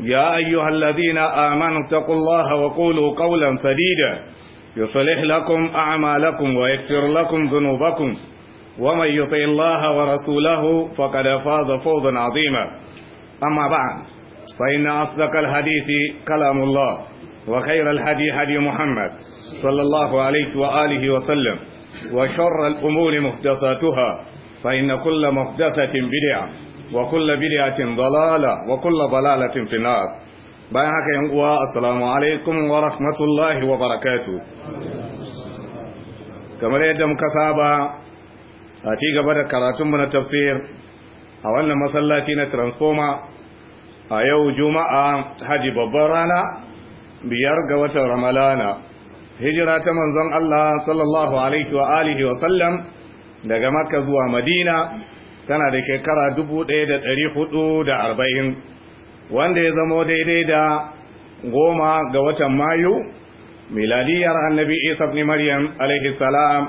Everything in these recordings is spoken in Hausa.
يا أيها الذين آمنوا اتقوا الله وقولوا قولا سديدا يصلح لكم أعمالكم ويكفر لكم ذنوبكم ومن يطع الله ورسوله فقد فاز فوزا عظيما أما بعد فإن أصدق الحديث كلام الله وخير الهدي هدي محمد صلى الله عليه وآله وسلم وشر الأمور محدثاتها فإن كل محدثة بدعة wa kulla bid'atin dalala wa kulla balalatin fi nar bayan haka yan uwa assalamu alaikum wa rahmatullahi wa kamar yadda muka saba a ci gaba da karatunmu na tafsir a wannan masallaci na transformer a yau juma'a haji babban rana biyar ga watan ramalana hijira ta manzon Allah sallallahu alaihi wa alihi wa sallam daga makka zuwa madina tana da shekara dubu ɗaya da da ɗari arba'in, wanda ya zamo daidai da goma ga watan mayu miladiyar annabi isa ibn maryam alaihi salam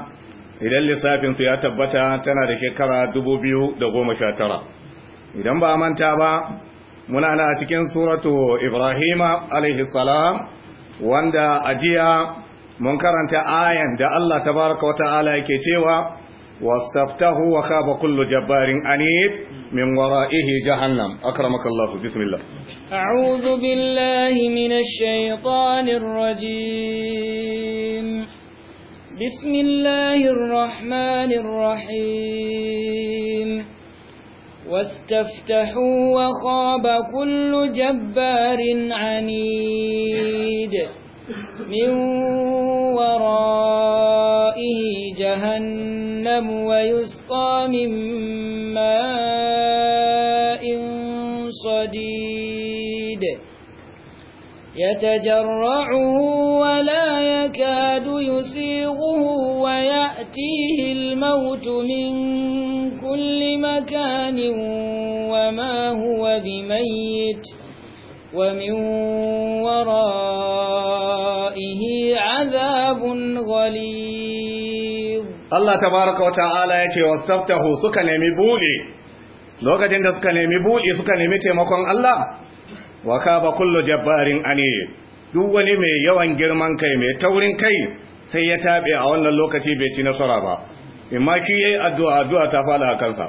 idan lissafin su ya tabbata tana da shekara dubu biyu da goma sha tara. idan ba manta ba muna na cikin suratu Ibrahim alaihi salam wanda ajiya mun karanta ayan da Allah tabaraka Wata'ala ala yake cewa واستفتحوا وخاب كل جبار عنيد من ورائه جهنم أكرمك الله بسم الله أعوذ بالله من الشيطان الرجيم بسم الله الرحمن الرحيم واستفتحوا وخاب كل جبار عنيد من ورائه جهنم ويسقى من ماء صديد يتجرعه ولا يكاد يسيغه ويأتيه الموت من كل مكان وما هو بميت ومن ورائه عذاب غليظ الله تبارك وتعالى يتي واستفتحوا سكا نمي بولي lokacin da suka nemi buɗe suka nemi taimakon Allah wa kaba kullu jabbarin ani duk wani mai yawan girman kai mai taurin kai sai ya taɓe a wannan lokaci bai ci nasara ba imma shi yayi addu'a addu'a ta fada a kansa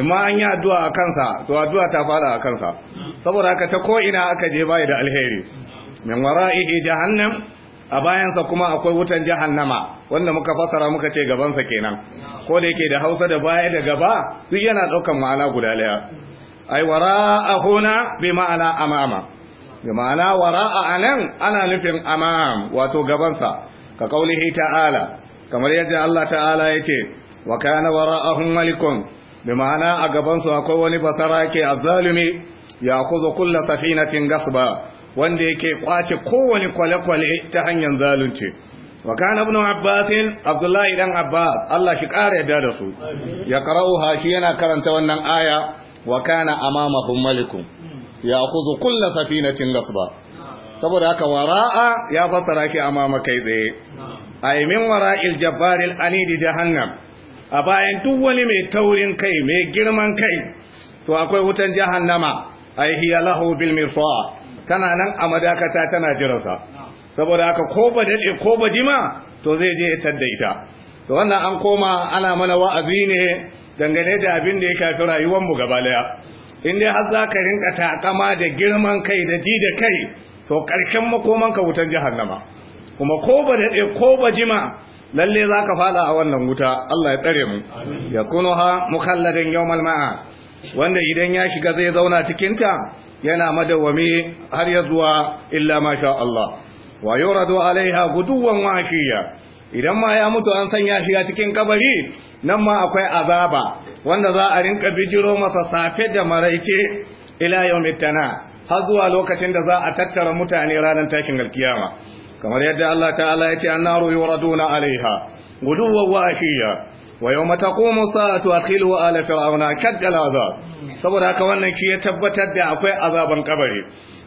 imma an yi addu'a a kansa to addu'a ta fada a kansa saboda haka ta ko'ina aka je bai da alheri min wara'ihi jahannam a bayansa kuma akwai wutan jahannama wanda muka fasara muka ce gabansa kenan ko da yake da hausa da baya da gaba duk yana ɗaukan ma'ana guda ɗaya ai wara'a huna bi ma'ana amama bi ma'ana wara'a anan ana nufin amam wato gabansa ka kaulihi ta'ala kamar yadda Allah ta'ala ya ce wa kana wara'ahum malikun bi ma'ana a gabansu akwai wani basara ke azzalumi ya kuzo kulla safinatin gasba wanda yake kwace kowane kwale-kwale ta hanyar zalunci wa kana ibn abbas abdullahi dan abbas Allah shi kare yadda da su ya qara'uha shi yana karanta wannan aya wa kana amamahum malikun ya'khudhu kull safinatin gasba saboda haka wara'a ya fassara ki amama kai tsaye ay wara'il jabbaril anidi jahannam a bayan duk wani mai taurin kai mai girman kai to akwai wutan jahannama ay hiya lahu bil tana nan a madakata tana jiransa saboda haka ko ba dade ko ba jima to zai je ya da ita to wannan an koma ana mana wa'azi ne dangane da abin da ya kafi rayuwar mu gaba daya in dai har za ka rinka takama da girman kai da ji da kai to karshen makoman ka wutan jahannama kuma ko ba dade ko ba jima lalle za ka fada a wannan wuta Allah ya tsare mu ya kuno ha mukalladan yawmal ma'a wanda idan ya shiga zai zauna cikin ta yana madawwami har ya zuwa illa masha Allah wa yuradu alaiha guduwan wakiya idan ma ya mutu an sanya shi a cikin kabari nan ma akwai azaba wanda za a rinka bijiro masa safe da maraice ila tana har zuwa lokacin da za a tattara mutane ranar tashin alkiyama kamar yadda Allah ta'ala ya ce annaru yuraduna alaiha guduwan wakiya wa yau matakomu sa'atu wa ala fir'auna kaddal azab saboda haka wannan shi ya tabbatar da akwai azaban kabari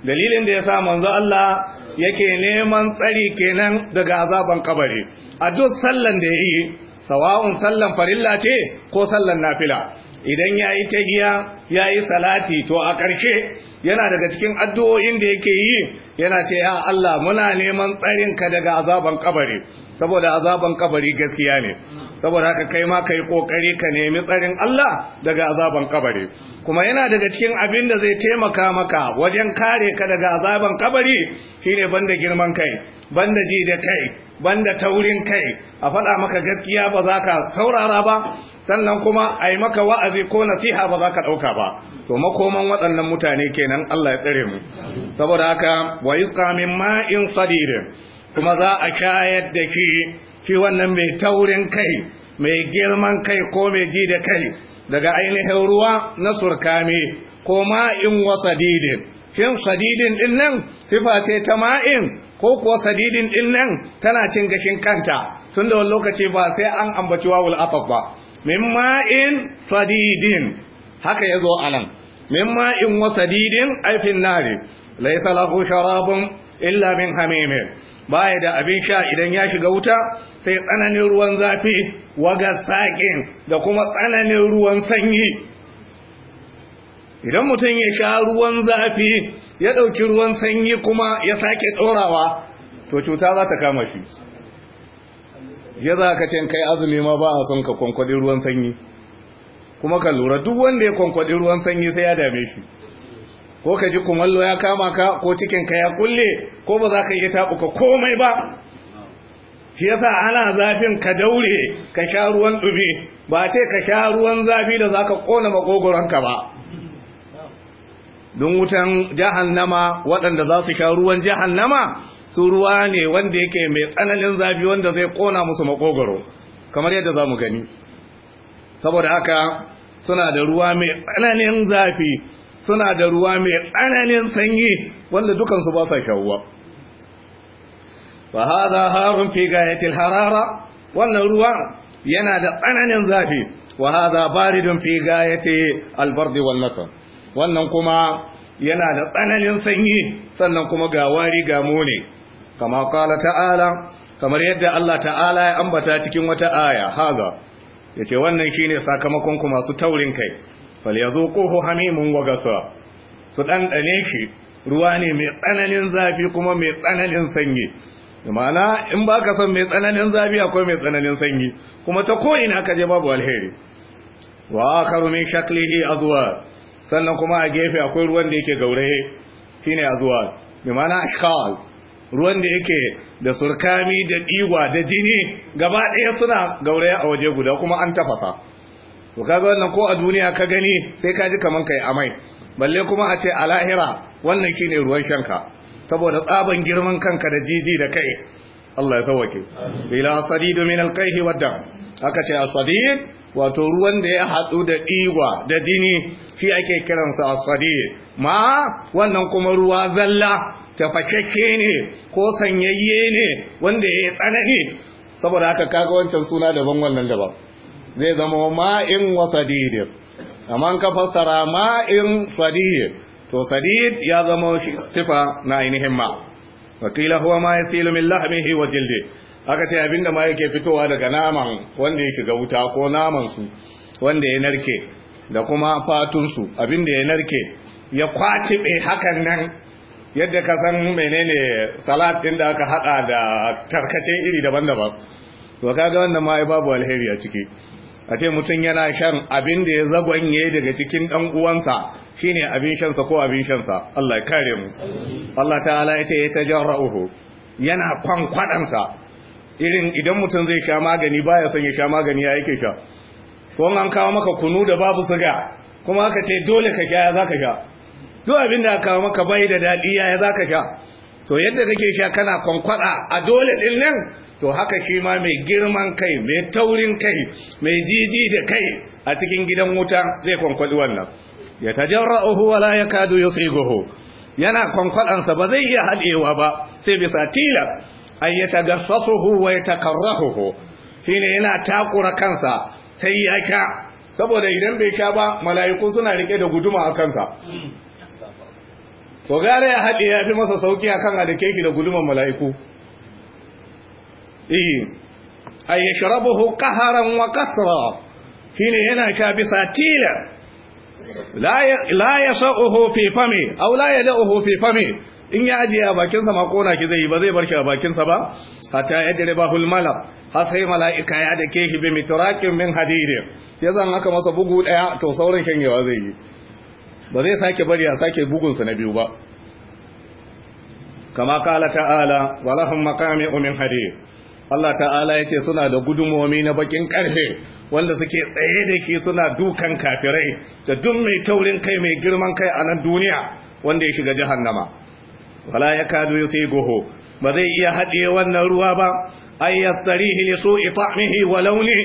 dalilin da yasa manzo Allah yake neman tsari kenan daga azaban kabari a duk sallan da ya yi sawa'un sallan farilla ce ko sallan nafila idan yayi ya yayi salati to a ƙarshe yana daga cikin addu'o'in da yake yi yana ce ya Allah muna neman tsarinka daga azaban kabari saboda azaban kabari gaskiya ne saboda haka kai ma kai kokari ka nemi tsarin Allah daga azaban kabari kuma yana daga cikin abin da zai taimaka maka wajen kare ka daga azaban kabari shine banda girman kai banda ji da kai banda taurin kai a faɗa maka gaskiya ba za ka saurara ba sannan kuma a yi maka wa'azi ko nasiha ba za ka ɗauka ba to makoman waɗannan mutane kenan Allah ya tsare mu saboda haka wa yusqa min ma'in sadirin kuma za a shayar da ki. shi wannan mai taurin kai mai girman kai ko mai ji da kai daga ainihin ruwa na surkame ko ma'in wa sadidin shin sadidin din nan sifa ce ta ma'in ko kuwa sadidin din nan tana cin gashin kanta tun da wani lokaci ba sai an ambaci wawul afaf ba min ma'in sadidin haka ya zo a nan min ma'in wa sadidin aifin nari laisa lahu sharabun illa min hamimin baya da abin sha idan ya shiga wuta sai tsananin ruwan zafi ga saƙin da kuma tsananin ruwan sanyi idan mutum ya sha ruwan zafi ya ɗauki ruwan sanyi kuma ya sake ɗorawa to cuta za ta kama shi ya za ka cin kai azumi ma ba a son ka kwankwadi ruwan sanyi kuma ka lura duk wanda ya kwankwaɗi ruwan sanyi sai ya dame shi ko ka ji kumallo ya kama ka ko cikinka ya kulle ko ba za ka iya taɓuka komai ba shi yasa ana zafin ka daure ka sha ruwan dumi ba ce ka sha ruwan zafi da zaka kona makogwaronka ba don wutan jahannama waɗanda za su sha ruwan jahannama su ruwa ne wanda yake mai tsananin zafi wanda zai kona musu makogoro kamar yadda za mu gani saboda haka suna da ruwa mai tsananin zafi suna da ruwa mai tsananin sanyi wanda dukansu ba sa Wahaza hadha harun fi gayatil harara wannan ruwa yana da tsananin zafi wa hadha baridun fi gayati albardi wal nasr wannan kuma yana da tsananin sanyi sannan kuma ga wari ga kama ta'ala kamar yadda Allah ta'ala ya ambata cikin wata aya haza yace wannan shine sakamakon ku masu taurin kai falyazuquhu hamimun wa gasa su dan dane shi ruwa ne mai tsananin zafi kuma mai tsananin sanyi ma'ana in ba ka son mai tsananin zafi akwai mai tsananin sanyi kuma ta ko'ina ka je babu alheri wa akaru min shaklihi azwa sannan kuma a gefe akwai ruwan da yake gauraye shine azwa bi ma'ana ashkal ruwan da yake da surkami da diwa da jini gaba ɗaya suna gauraye a waje guda kuma an tafasa to kaga wannan ko a duniya ka gani sai ka ji kaman kai amai balle kuma a ce a lahira wannan shine ruwan shanka saboda tsaban girman kanka da jiji da kai Allah ya sauwake bila sadid min alqayhi wadda aka ce asadid wato ruwan da ya hadu da igwa da dini shi ake kiransa asadid ma wannan kuma ruwa zalla tafakekke ne ko sanyayye ne wanda ya tsanani saboda haka kaga wancan suna daban wannan daban zai zama ma'in wa amma an ka fassara ma'in sadid to sadid ya zama shi sifa na ainihin ma wakila huwa ma yasilu min lahmihi wa jildi aka ce abinda ma yake fitowa daga naman wanda ya shiga wuta ko naman su wanda ya narke da kuma fatun su abinda ya narke ya kwaci bai hakan nan yadda ka san menene salat din da aka hada da tarkace iri daban-daban to kaga wannan ma babu alheri a ciki a ce mutum yana shan abin da ya zagwanye daga cikin dan uwansa shine abin shansa ko abin shansa Allah ya kare mu Allah ta'ala ya ce ya tajarra'uhu yana kwankwaɗansa irin idan mutum zai sha magani baya son ya sha magani ya yake sha ko an kawo maka kunu da babu siga kuma aka ce dole ka sha ya ka sha duk abin da aka kawo maka bai da dadi ya za ka sha to yadda kake sha kana kwankwada a dole din nan to haka shi ma mai girman kai mai taurin kai mai jiji da kai a cikin gidan wuta zai kwankwadi wannan ya tajarra'uhu wa la yakadu yusighuhu yana kwankwalansa ba zai iya hadewa ba sai bisa tila ay yatagaffasuhu wa yatakarrahuhu shine yana takura kansa sai ya ka saboda idan bai sha ba mala'iku suna rike da guduma a kansa to gare ya haɗe ya fi masa sauki a kan da keki da guduman mala'iku eh ay yashrabuhu qaharan wa kasra shine yana sha bisa tilar la ya sa'uhu fi fami aw fi fami in ya ajiye a bakinsa ma kona ki zai yi ba zai bar shi a bakinsa ba hatta ba hulmala har sai mala'ika ya da kehi bi mitraqin min hadiri ya zan haka masa bugu daya to sauran shanyewa zai yi ba zai sake bari a sake bugunsa na biyu ba kama kala ta'ala walahun maqami umin hadiri Allah ta'ala ya ce suna da gudunmomi na bakin ƙarfe. wanda suke tsaye da ke suna dukan kafirai da duk mai taurin kai mai girman kai a nan duniya wanda ya shiga jahannama wala ya kadu ya sai goho ba zai iya haɗiye wannan ruwa ba ai ya tsarihi ya so ifa'mihi wa launi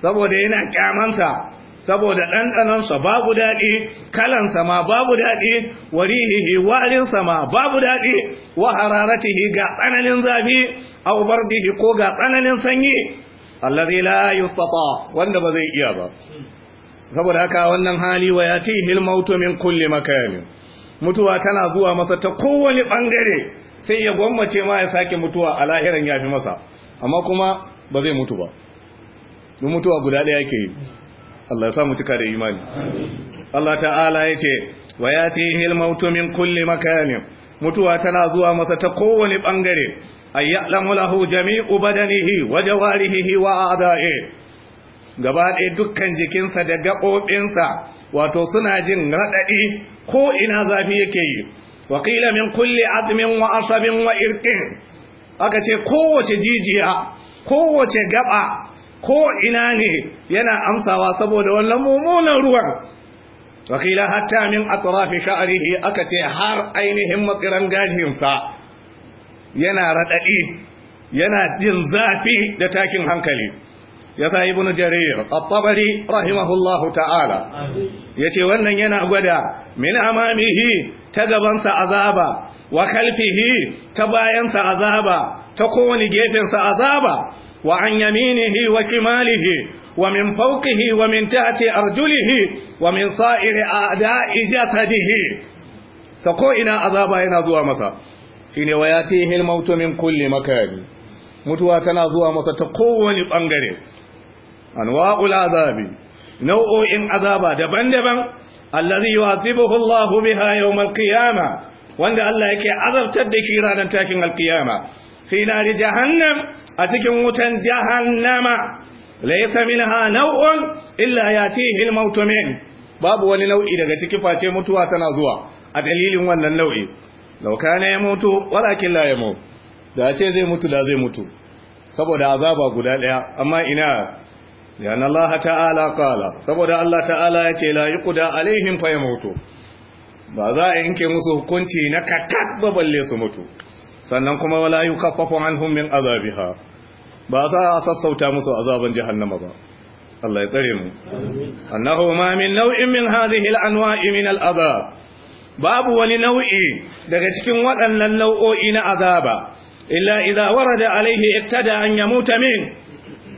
saboda yana kyamanta saboda sa babu daɗi kalansa ma babu daɗi warihihi warinsa ma babu daɗi wa hararatihi ga tsananin zafi au bardihi ko ga tsananin sanyi alladhi la yustata wanda ba zai iya ba saboda haka wannan hali wa yatihi al-mautu min kulli makan mutuwa tana zuwa masa ta kowane bangare sai ya gwammace ma ya sake mutuwa a lahiran fi masa amma kuma ba zai mutu ba don mutuwa guda ɗaya ke Allah ya sa tuka da imani Allah ta'ala yace wa yatihi al-mautu min kulli makan mutuwa tana zuwa masa ta kowane bangare ayyalamu lahu jami'u badanihi wa jawarihi wa a'da'i gaba ɗaya dukkan jikinsa da gaɓoɓinsa wato suna jin raɗaɗi ko ina zafi yake yi Wakilamin min kulli azmin wa asabin wa irqin aka ce kowace jijiya kowace gaba ko ina ne yana amsawa saboda wannan mummunan ruwan wakila hatta min atrafi sha'rihi aka ce har ainihin matsiran gashinsa yana raɗaɗi, yana jin zafi da takin hankali yasa ibnu jarir at-tabari rahimahullahu ta'ala yace wannan yana gwada min amamihi ta gabansa azaba wa ta bayansa azaba ta kowane gefensa azaba وعن يمينه وشماله ومن فوقه ومن تحت أرجله ومن صائر أعداء جسده فقوئنا عذابا ينظر مسا shine wa yatihi al-mautu min kulli makan mutuwa tana zuwa masa ta kowane bangare anwa'ul azabi nau'o'in azaba daban-daban allazi yu'adhibuhu Allahu biha yawm al wanda Allah yake azabtar da shi ranar takin al fi nari jahannam a cikin wutan jahannama laisa minha naw'un illa yatihi al mautu min babu wani nau'i daga cikin face mutuwa tana zuwa a dalilin wannan nau'i law kana yamutu walakin la yamut da ce zai mutu da zai mutu saboda azaba guda daya amma ina لأن الله ta'ala qala saboda Allah ta'ala ya ce la yuqda alaihim yamutu ba za a yanke musu hukunci na kakak ba balle su mutu sannan kuma wala yukaffafu anhum min azabiha ba za a sassauta musu azaban jahannama ba Allah ya tsare mu annahu ma min nau'in min hadhihi al-anwa'i min al-azab babu wani nau'i daga cikin waɗannan nau'o'i na azaba illa idza warada alaihi ibtada an yamuta min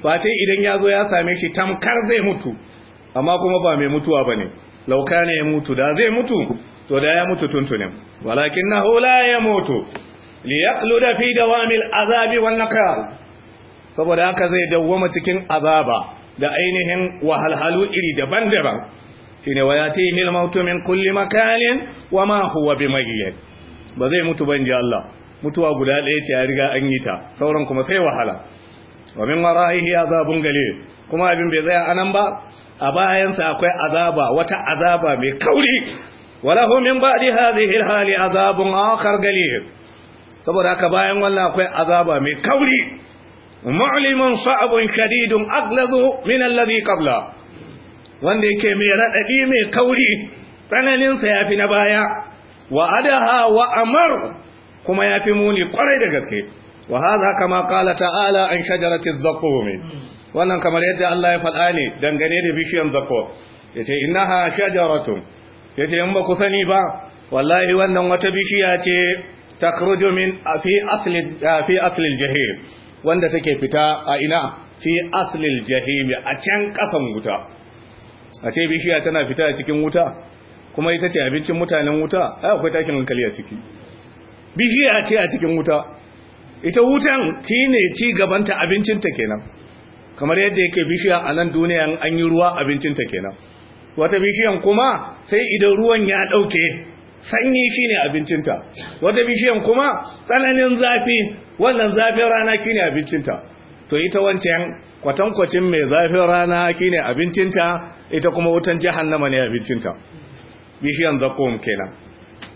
fati idan yazo ya same shi tamkar zai mutu amma kuma ba mai mutuwa bane lauka ne ya mutu da zai mutu to da ya mutu tuntunin walakinahu la yamutu liyaqluda fi dawamil azabi wan nakar saboda haka zai dawwama cikin azaba da ainihin wahalhalu iri daban-daban shine wayatihi al-mautu min kulli makanin wama huwa bimayyit ba zai mutu ban Allah mutuwa guda ɗaya ce ya riga an yi ta sauran kuma sai wahala wa min wara'ihi azabun galil kuma abin bai tsaya anan ba a bayansa akwai azaba wata azaba mai kauri wala hu min ba'di hadhihi al-hali azabun akhar galil saboda haka bayan wannan akwai azaba mai kauri mu'limun sa'abun shadidun aglazu min alladhi qabla wanda yake mai radadi mai kauri tsananin sa yafi na baya wa adaha wa amar kuma yafi muni kwarai da gaske wa hadha kama qala ta'ala an shajaratiz zaqqum wannan kamar yadda Allah ya faɗa ne dangane da bishiyan zaqqum yace innaha shajaratun yace in ba ku sani ba wallahi wannan wata bishiya ce takhruju min fi asli fi asli jahim wanda take fita a ina fi asli jahim a can kasan wuta a ce bishiya tana fita a cikin wuta kuma ita ce abincin mutanen wuta ai akwai takin hankali a ciki bishiya ce a cikin wuta ita wutan ne ci gabanta ta kenan kamar yadda yake bishiya a nan duniya an yi ruwa ta kenan wata bishiyan kuma sai idan ruwan ya dauke sanyi shi ne abincinta wata bishiyan kuma tsananin zafi wannan zafin rana shine abincinta to ita wancan kwatankwacin mai zafin rana shine abincinta ita kuma wutan nama ne abincinta bishiyan zakum kenan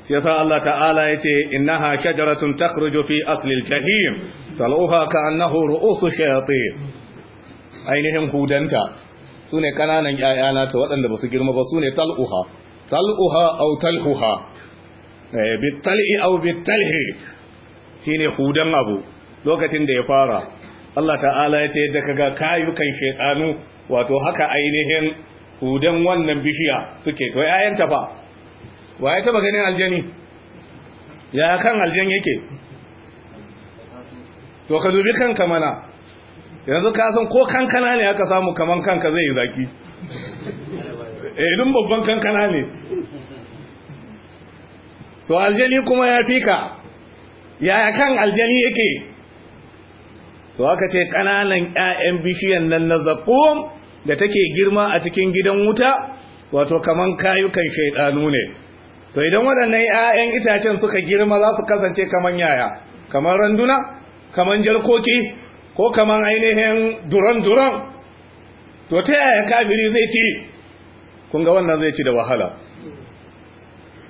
sa Allah ta'ala Ya ce inna ha shajaratun takarajo fi asli al-jahim tal'uha annahu ru'usu shayate ainihin hudanta su ne kananan ƴaƴana ta waɗanda ba su girma ba su ne tal'uha tal'uha au talhuha eh, bittal'i au bittalhi shine hudan abu lokacin da ya fara Allah ta'ala ya ce yadda kaga kayukan shedanu wato haka ainihin hudan wannan bishiya suke to yayan ta fa waye taba ganin aljani ya kan aljan yake to ka dubi kanka mana yanzu ka san ko kankana ne aka samu kaman kanka zai yi zaki idan eh, babban kankana ne so aljani kuma ya fika yaya kan aljani yake to aka ce kananan ƴaƴan bishiyan nan na zakum da take girma a cikin gidan wuta wato kaman kayukan shaidanu ne to idan waɗannan ƴaƴan itacen suka girma za su kasance kaman yaya kaman randuna kaman jarkoki ko kaman ainihin duran duran to ta yaya kafiri zai ci kun ga wannan zai ci da wahala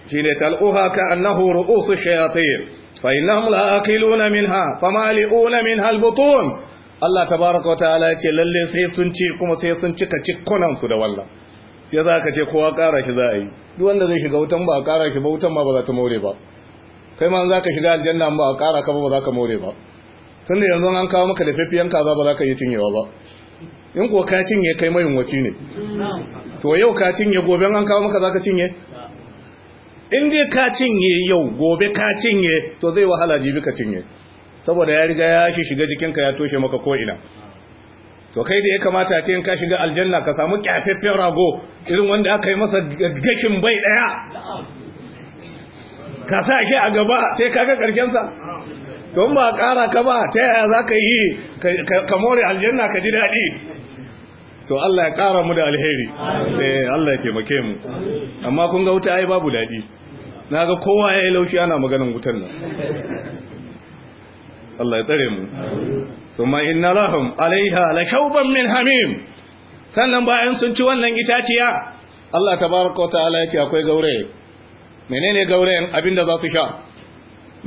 Shi shine talquha ka annahu ru'usu shayatin fa innahum la aqiluna minha famali'una minha albutun Allah tabaaraka wa ta'ala ce lalle sai sun ci kuma sai sun cika cikkunan su da wallah sai za ka ce kowa kara shi za a yi duk wanda zai shiga wutan ba a kara shi ba wutan ma ba za ta more ba kai ma za ka shiga aljanna ba a kara ka ba ba za ka more ba tunda yanzu an kawo maka da fafiyan kaza ba za ka yi cinyewa ba in kuwa ka cinye kai mai ne to yau ka cinye gobe an kawo maka zaka cinye in dai ka cinye yau gobe ka cinye to zai wahala jibi ka cinye saboda ya riga ya shi shiga jikin ka ya toshe maka ko ina to kai da ya kamata ce in ka shiga aljanna ka samu kyafaffen rago irin wanda aka yi masa gashin bai daya ka sa shi a gaba sai ka ga karshen sa don ba kara ka ba ta yaya za ka yi ka more aljanna ka ji daɗi to Allah ya kara mu da alheri eh Allah ya taimake mu amma kun ga wuta ai babu dadi naga kowa ya laushi ana maganan wutan nan Allah ya tsare mu thumma inna lahum alaiha la shawban min hamim sannan bayan sun ci wannan itaciya Allah tabaraka wa ta'ala yake akwai gaure menene gauren abinda za su sha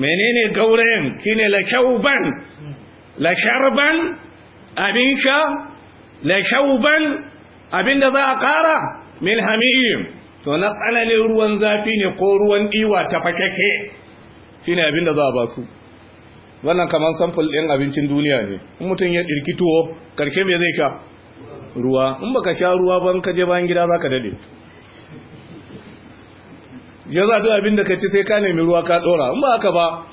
menene gauren shine la shawban la sharban abin sha la shauban abinda za a ƙara min hamim to na tsananin ruwan zafi ne ko ruwan iwa ta ne abin da za a ba su wannan kamar samfur ɗin abincin duniya ne in mutum ya ɗirki tuwo karshe me zai sha ruwa in baka sha ruwa ba, ka kaje bayan gida zaka dade ya za duk abin da ka ci sai ka nemi ruwa ka dora in ba haka ba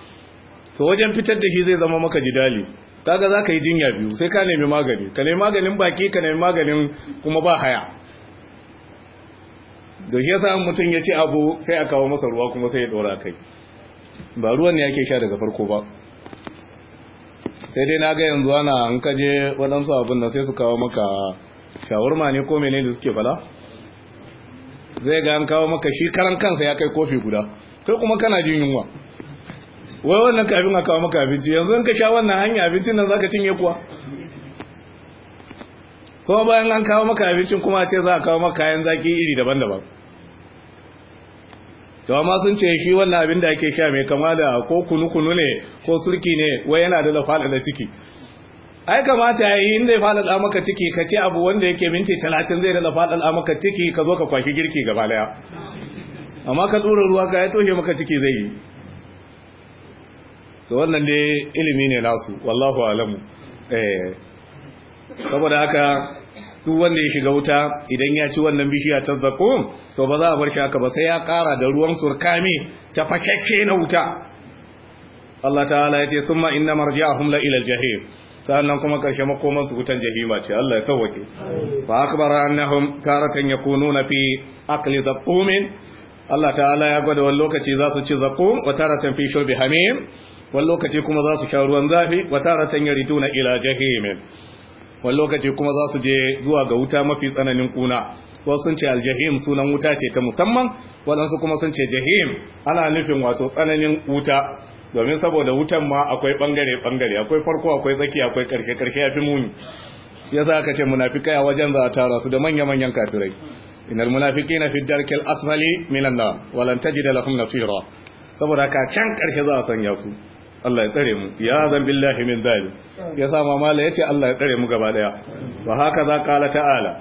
to wajen fitar da shi zai zama maka jidali kaga za ka yi jinya biyu sai ka nemi magani ka nemi maganin baki ka nemi maganin kuma ba haya da shi yasa mutum ya ce abu sai a kawo masa ruwa kuma sai ya dora kai ba ruwan ne yake sha daga farko ba sai dai na ga yanzu ana an kaje waɗansu abin da sai su kawo maka shawarma ne ko menene suke bala. zai ga an kawo maka shi karan kansa ya kai kofi guda kai kuma kana jin yunwa wai wannan kafin a kawo maka abinci yanzu ka sha wannan hanya abincin nan zaka cinye kuwa kuma bayan an kawo maka abincin kuma a ce za a kawo maka kayan zaki iri daban-daban to amma sun ce shi wannan abin da ake sha mai kama da ko kunu-kunu ne ko surki ne wai yana da lafala da ciki ai kamata ya yi in zai faɗaɗa maka ciki ka ci abu wanda yake minti talatin zai daɗa faɗaɗa maka ciki ka zo ka kwashi girki gaba daya amma ka tsura ruwa ka ya toshe maka ciki zai yi to wannan dai ilimi ne nasu wallahu alamu eh saboda haka duk wanda ya shiga wuta idan ya ci wannan bishiya ta zakum to ba za a bar shi haka ba sai ya kara da ruwan surkami ta fakakke na wuta Allah ta'ala ya ce summa inna marji'ahum la ila al-jahim sannan kuma karshe makoman su wutan jahima ce Allah ya tawake fa akbara annahum karatan yakununa fi aqli zaqumin Allah ta'ala ya gwada wani lokaci za su ci zakum wa taratan fi shurbi hamim wani lokaci kuma za su sha ruwan zafi wa yari yariduna ila jahim wani lokaci kuma za su je zuwa ga wuta mafi tsananin kuna wasu sun ce aljahim sunan wuta ce ta musamman waɗansu kuma sun ce jahim ana nufin wato tsananin wuta domin saboda wutan ma akwai ɓangare bangare akwai farko akwai tsaki akwai ƙarshe-ƙarshe ya fi muni ya za ka ce munafika ya wajen za a tara su da manya-manyan kafirai inal munafiki na fiddar kil asfali minan na ji da lafin nasira saboda ka can karshe za a sanya su Allah ya tsare mu ya zan billahi min zalim ya sa mamala yace Allah ya tsare mu gaba daya wa haka za kala ta'ala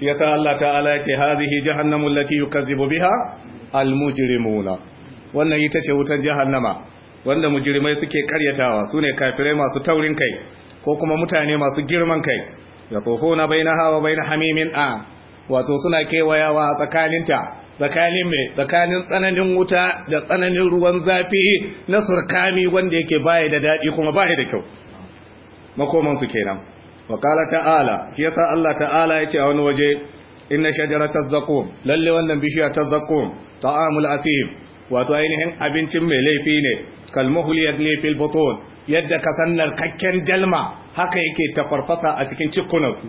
ya sa Allah ta'ala yace hadhihi jahannamu allati yukazzibu biha almujrimuna wannan ita ce wutan jahannama wanda mujrimai suke karyatawa sune kafirai masu taurin kai ko kuma mutane masu girman kai yaqufuna bainaha wa bain hamimin a wato suna kewayawa tsakaninta tsakanin mai tsakanin tsananin wuta da tsananin ruwan zafi na surkami wanda yake baya da daɗi kuma baya da kyau makomansu kenan wa ta'ala shi yasa Allah ta'ala yake a wani waje inna shajaratal zaqum lalle wannan bishiya ta zaqum ta'amul asim wato ainihin abincin mai laifi ne kalmuhul yadni fil butun yadda kasannar kakken dalma haka yake tafarfasa a cikin cikunansu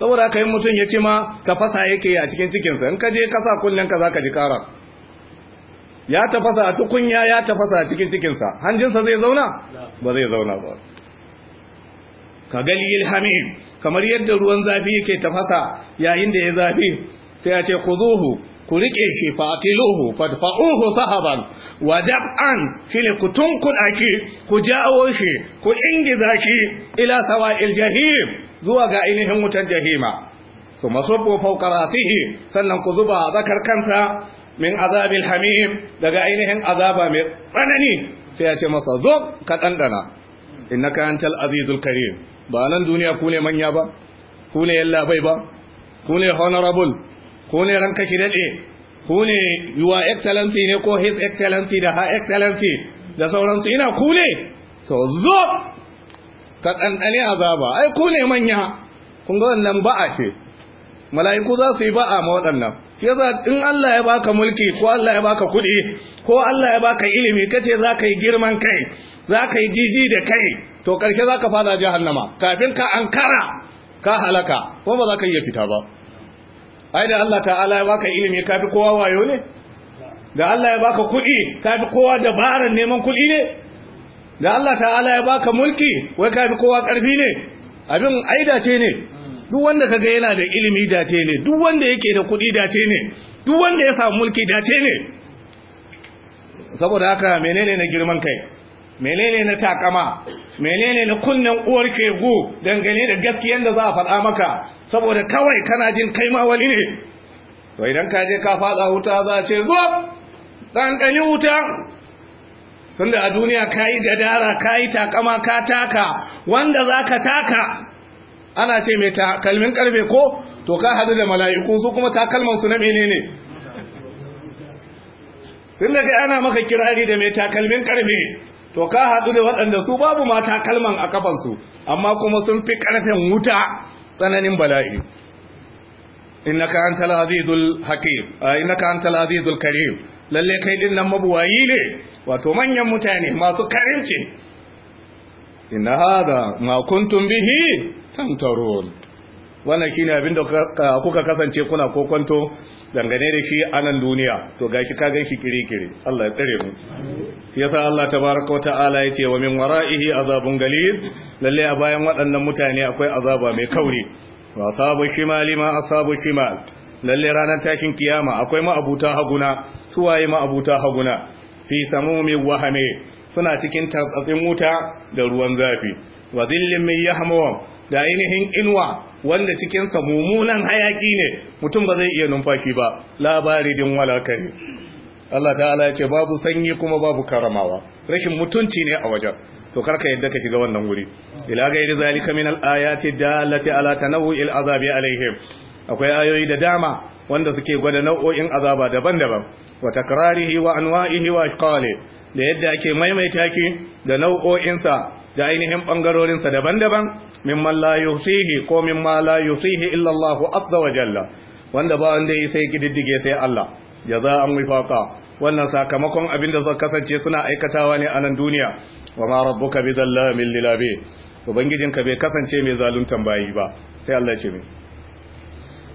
saboda aka yi mutum ya ce ma tafasa yake a cikin cikinsa in ka je kasa sa ka za ka ji ƙara ya tafasa a tukunya ya tafasa a cikin cikinsa hanjinsa zai zauna ba zai zauna ba ka gali ilhami kamar yadda ruwan zafi yake tafasa yayin da ya zafi sai ya ce ku zuhu ku riƙe shi fatiluhu fadfa'uhu sahaban wa dab'an ku kutunkul aki ku jawo shi ku ingiza shi ila sawa'il jahim zuwa ga ainihin wutan jahima kuma sabbo fawqa rafihi sannan ku zuba zakar kansa min azabil hamim daga ainihin azaba mai tsanani sai ya ce masa zo ka dandana innaka antal azizul karim ba nan duniya ku ne manya ba ku ne yalla bai ba ku ne honorable ko ne ranka ki daɗe? ku ne yuwa excellency ne ko his excellency da her excellency da sauransu ina ku ne to zo ka kankane azaba ai ku ne manya kun ga wannan ba'a ce mala'iku za su yi ba'a ma waɗannan shi yasa in Allah ya baka mulki ko Allah ya baka kuɗi ko Allah ya baka ilimi kace za ka yi girman kai za ka yi jiji da kai to karshe za ka fada jahannama kafin ka ankara ka halaka ko ba za ka iya fita ba ai da Allah ta'ala ya baka ilimi kafi kowa wayo ne da Allah ya baka kuɗi kafi kowa dabarar neman kuɗi ne da Allah ta'ala ya baka mulki wai kafi kowa ƙarfi ne abin ai dace ne duk wanda kaga yana da ilimi dace ne duk wanda yake da kuɗi dace ne duk wanda ya samu mulki dace ne saboda haka menene na girman kai menene na takama menene na kunnen uwar kegu dangane da gaskiyar da za a faɗa maka saboda kawai kana jin kai ma wani ne to idan ka je ka faɗa wuta za a ce zo ɗanɗani wuta tunda a duniya ka yi gadara ka yi takama ka taka wanda za ka taka ana ce mai takalmin ƙarfe ko to ka hadu da mala'iku su kuma takalmansu na menene tun da kai ana maka kirari da mai takalmin ƙarfe. to ka haɗu da waɗanda su babu mata kalman a kafansu amma kuma sun fi ƙarfin wuta tsananin bala'i innaka antal azizul hakim innaka antal azizul karim lalle kai din nan mabuwayi ne wato manyan mutane masu karimci inna hadha ma kuntum bihi tantarun wannan shine ne abinda kuka kasance kuna kokonto dangane da shi a nan duniya to gashi ka gan shi kirikiri Allah ya tsare mu shi yasa Allah tabaraka wata'ala ya ce wa min wara'ihi azabun galib lalle a bayan waɗannan mutane akwai azaba mai kauri wa asabu shimali ma asabu shimal lalle ranar tashin kiyama akwai ma'abuta haguna suwaye ma'abuta haguna fi samumi wahame suna cikin tatsatsin wuta da ruwan zafi wa zillin min yahmum da ainihin inuwa wanda cikinsa mummunan hayaki ne mutum ba zai iya numfashi ba labari din ne. Allah ta'ala ya ce babu sanyi kuma babu karamawa rashin mutunci ne a wajen to karka yadda ka shiga wannan wuri ila gairi zalika min al-ayati dallati ala al azabi alaihim akwai ayoyi da dama wanda suke gwada nau'o'in azaba daban-daban wa takrarihi wa anwa'ihi wa ashqali da yadda ake maimaita ki da nau'o'insa da ainihin ɓangarorinsa daban-daban mimman la yusihi ko mimma la yusihi illallahu Allah azza wa jalla wanda ba wanda yi sai gididdige sai Allah jaza'an wifaqa wannan sakamakon abin da zai kasance suna aikatawa ne a nan duniya wa ma rabbuka bizallamin lil abid ubangijinka bai kasance mai zaluntan bayi ba sai Allah ya ce mai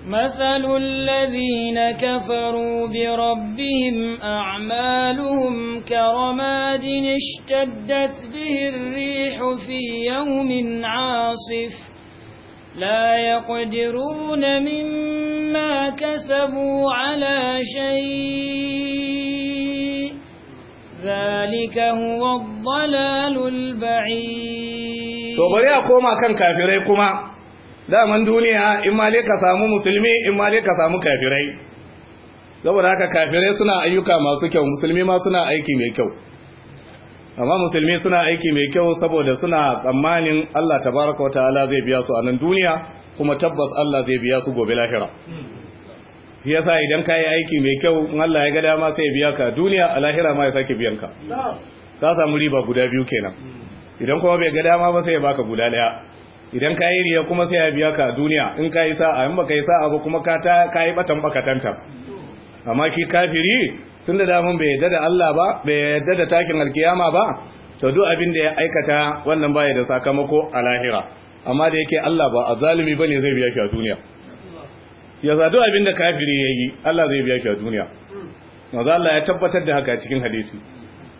مثل الذين كفروا بربهم أعمالهم كرماد اشتدت به الريح في يوم عاصف لا يقدرون مما كسبوا على شيء ذلك هو الضلال البعيد daman duniya in ma ka samu musulmi in ma ka samu kafirai saboda haka kafirai suna ayyuka masu kyau musulmi ma suna aiki mai kyau amma musulmi suna aiki mai kyau saboda suna tsammanin Allah tabaraka wa ta'ala zai biya su a nan duniya kuma tabbas Allah zai biya su gobe lahira shi yasa idan ka yi aiki mai kyau in Allah ya ga dama sai ya biya ka duniya a lahira ma ya sake biyan ka ka samu riba guda biyu kenan idan kuma bai ga dama ba sai ya baka guda daya idan ka yi riya kuma sai ya biya ka duniya in ka yi sa'a in baka yi sa'a ba kuma ka yi batan bakatanta amma ki kafiri tun da damun bai yadda da Allah ba bai yadda da takin alkiyama ba to duk abin da ya aikata wannan ya da sakamako a lahira amma da yake Allah ba azzalimi bane zai biya shi a duniya ya za duk abin da kafiri yi, Allah zai biya shi a duniya maza Allah ya tabbatar da haka cikin hadisi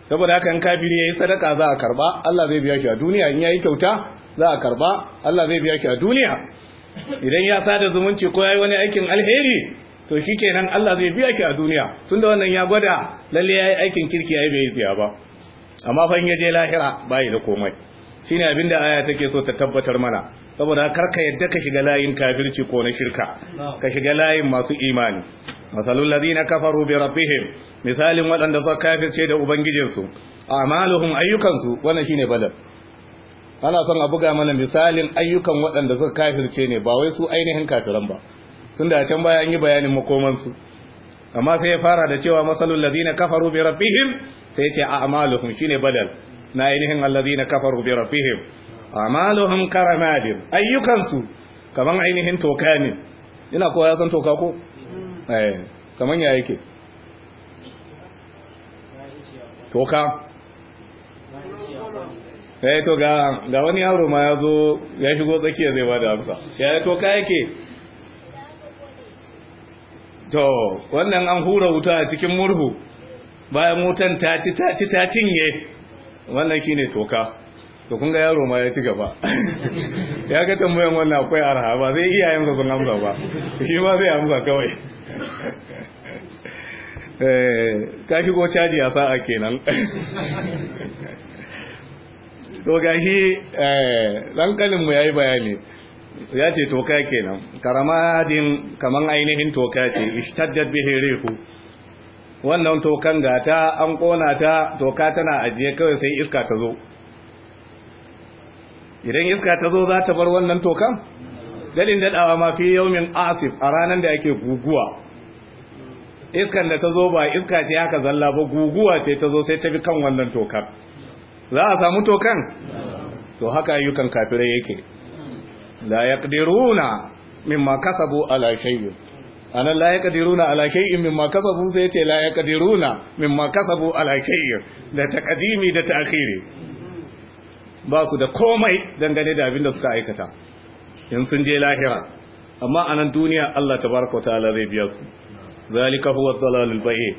saboda haka in kafiri ya yi sadaka za a karba Allah zai biya shi a duniya in ya yi kyauta za a karba Allah zai biya shi a duniya idan ya sada zumunci ko yayi wani aikin alheri to shikenan Allah zai biya shi a duniya tun da wannan ya gwada lalle yayi aikin kirki yayi bai biya ba amma fa in ya je lahira bai da komai shine abin da aya take so ta tabbatar mana saboda kar ka yadda ka shiga layin kafirci ko na shirka ka shiga layin masu imani masalul ladina kafaru bi rabbihim misalin waɗanda zakafirce da ubangijinsu a'maluhum ayyukansu wannan shine badal ana son a buga mana misalin ayyukan waɗanda suka kafirce ne ba wai su ainihin kafiran ba sun da can baya an yi bayanin makomansu amma sai ya fara da cewa masalul ladina kafaru bi rabbihim sai ya ce a'maluhum shine badal na ainihin alladina kafaru bi rabbihim a'maluhum karamadin ayyukansu kaman ainihin toka ne ina kowa ya san toka ko eh kaman ya yake toka sai eh, to ga ga wani yaro ma ya zo ya shigo tsakiya zai bada amsa ya to ka yake to wannan an hura wuta a cikin murhu bayan wutan ta ci ta ci ta cinye wannan shine toka to kun ga yaro ma ya ci gaba ya ga tambayan wannan akwai arha ba zai yin sun amsa ba shi ma zai amsa kawai eh, ka shigo caji a sa'a kenan to gashi ɗanƙalinmu eh, ya yi bayani ya ce toka kenan karamadin kamar ainihin toka ce ishtaddad bihe rihu wannan tokan gata an ƙona ta toka tana ajiye kawai sai iska ta zo idan iska ta zo za ta bar wannan tokan dalin daɗawa ma yaumin asif a ranar da ake guguwa iskan da ta zo ba iska ce haka zalla ba guguwa ce ta zo sai ta bi kan wannan tokar. za a samu tokan to haka ayyukan kafirai yake la yaqdiruna mimma kasabu ala shay'in ana la yaqdiruna ala shay'in mimma kasabu sai ce la yaqdiruna mimma kasabu ala shay'in da taqdimi da ta'khiri ba su da komai dangane da abin da suka aikata in sun je lahira amma a nan duniya Allah tabaraka ta'ala zai biya su zalika huwa dhalalul bayy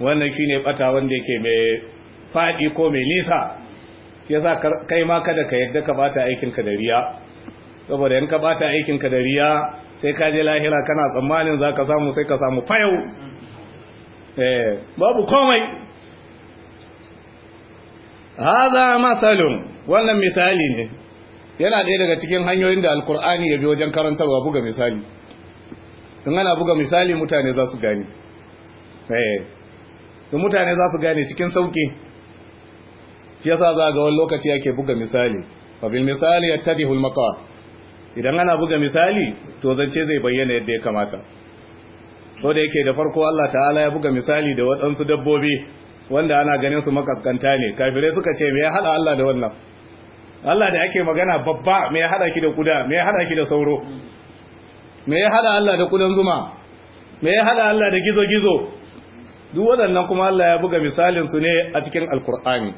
wannan shine bata wanda yake mai faɗi ko mai nisa shi yasa kai ma kada ka yadda ka bata aikin ka da riya saboda in ka bata aikin ka da riya sai ka je lahira kana tsammanin zaka samu sai ka samu fayau eh babu komai hada masalun wannan misali ne yana ɗaya daga cikin hanyoyin da alkur'ani ya bi wajen karantarwa buga misali in ana buga misali mutane za su gane eh mutane za su gane cikin sauki shi yasa za ga wani lokaci yake buga misali fa bil misali yattadihu al maqal idan ana buga misali to zance zai bayyana yadda ya kamata ko da yake da farko Allah ta'ala ya buga misali da waɗansu dabbobi wanda ana ganin su makakkanta ne kafirai suka ce me ya hada Allah da wannan Allah da yake magana babba me ya hada ki da kuda me ya hada ki da sauro me ya hada Allah da kudan zuma me ya hada Allah da gizo gizo duk waɗannan kuma Allah ya buga misalin su ne a cikin alkur'ani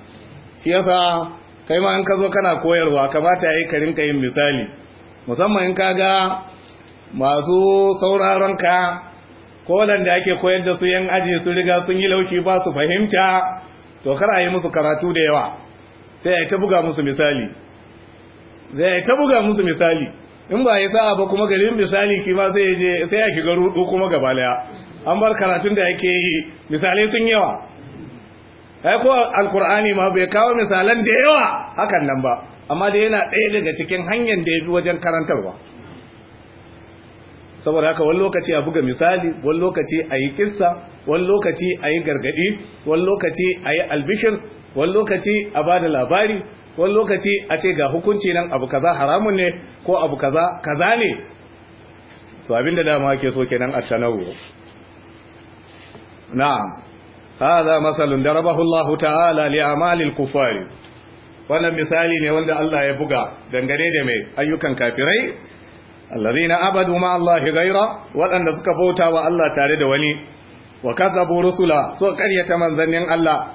shi yasa kai ma in ka zo kana koyarwa kamata yayi ka rinka yin misali musamman in ka ga masu sauraron ka ko da ake koyar da su yan aji su riga sun yi laushi ba su fahimta to kar a yi musu karatu da yawa sai a yi ta buga musu misali sai a yi ta buga musu misali in ba ya sa'a ba kuma garin misali kima ma sai ya je sai ya shiga rudu kuma gaba daya an bar karatun da yake yi misalai sun yawa ai ko alkur'ani ma bai kawo misalan da yawa hakan nan ba amma dai yana ɗaya daga cikin hanyar da ya bi wajen karantarwa saboda haka wani lokaci a buga misali wani lokaci a yi kissa wani lokaci a yi gargadi wani lokaci a yi albishir wani lokaci a ba da labari wani lokaci a ce ga hukunci nan abu kaza haramun ne ko abu kaza kaza ne to abinda dama ke so kenan a tanawo na'am hadha masalun darabahu Allah ta'ala li amalil kuffari. wannan misali ne wanda Allah ya buga dangane da mai ayyukan kafirai allazina abadu ma Allah ghaira waɗanda suka bauta wa Allah tare da wani wa kazzabu rusula so ta manzannin Allah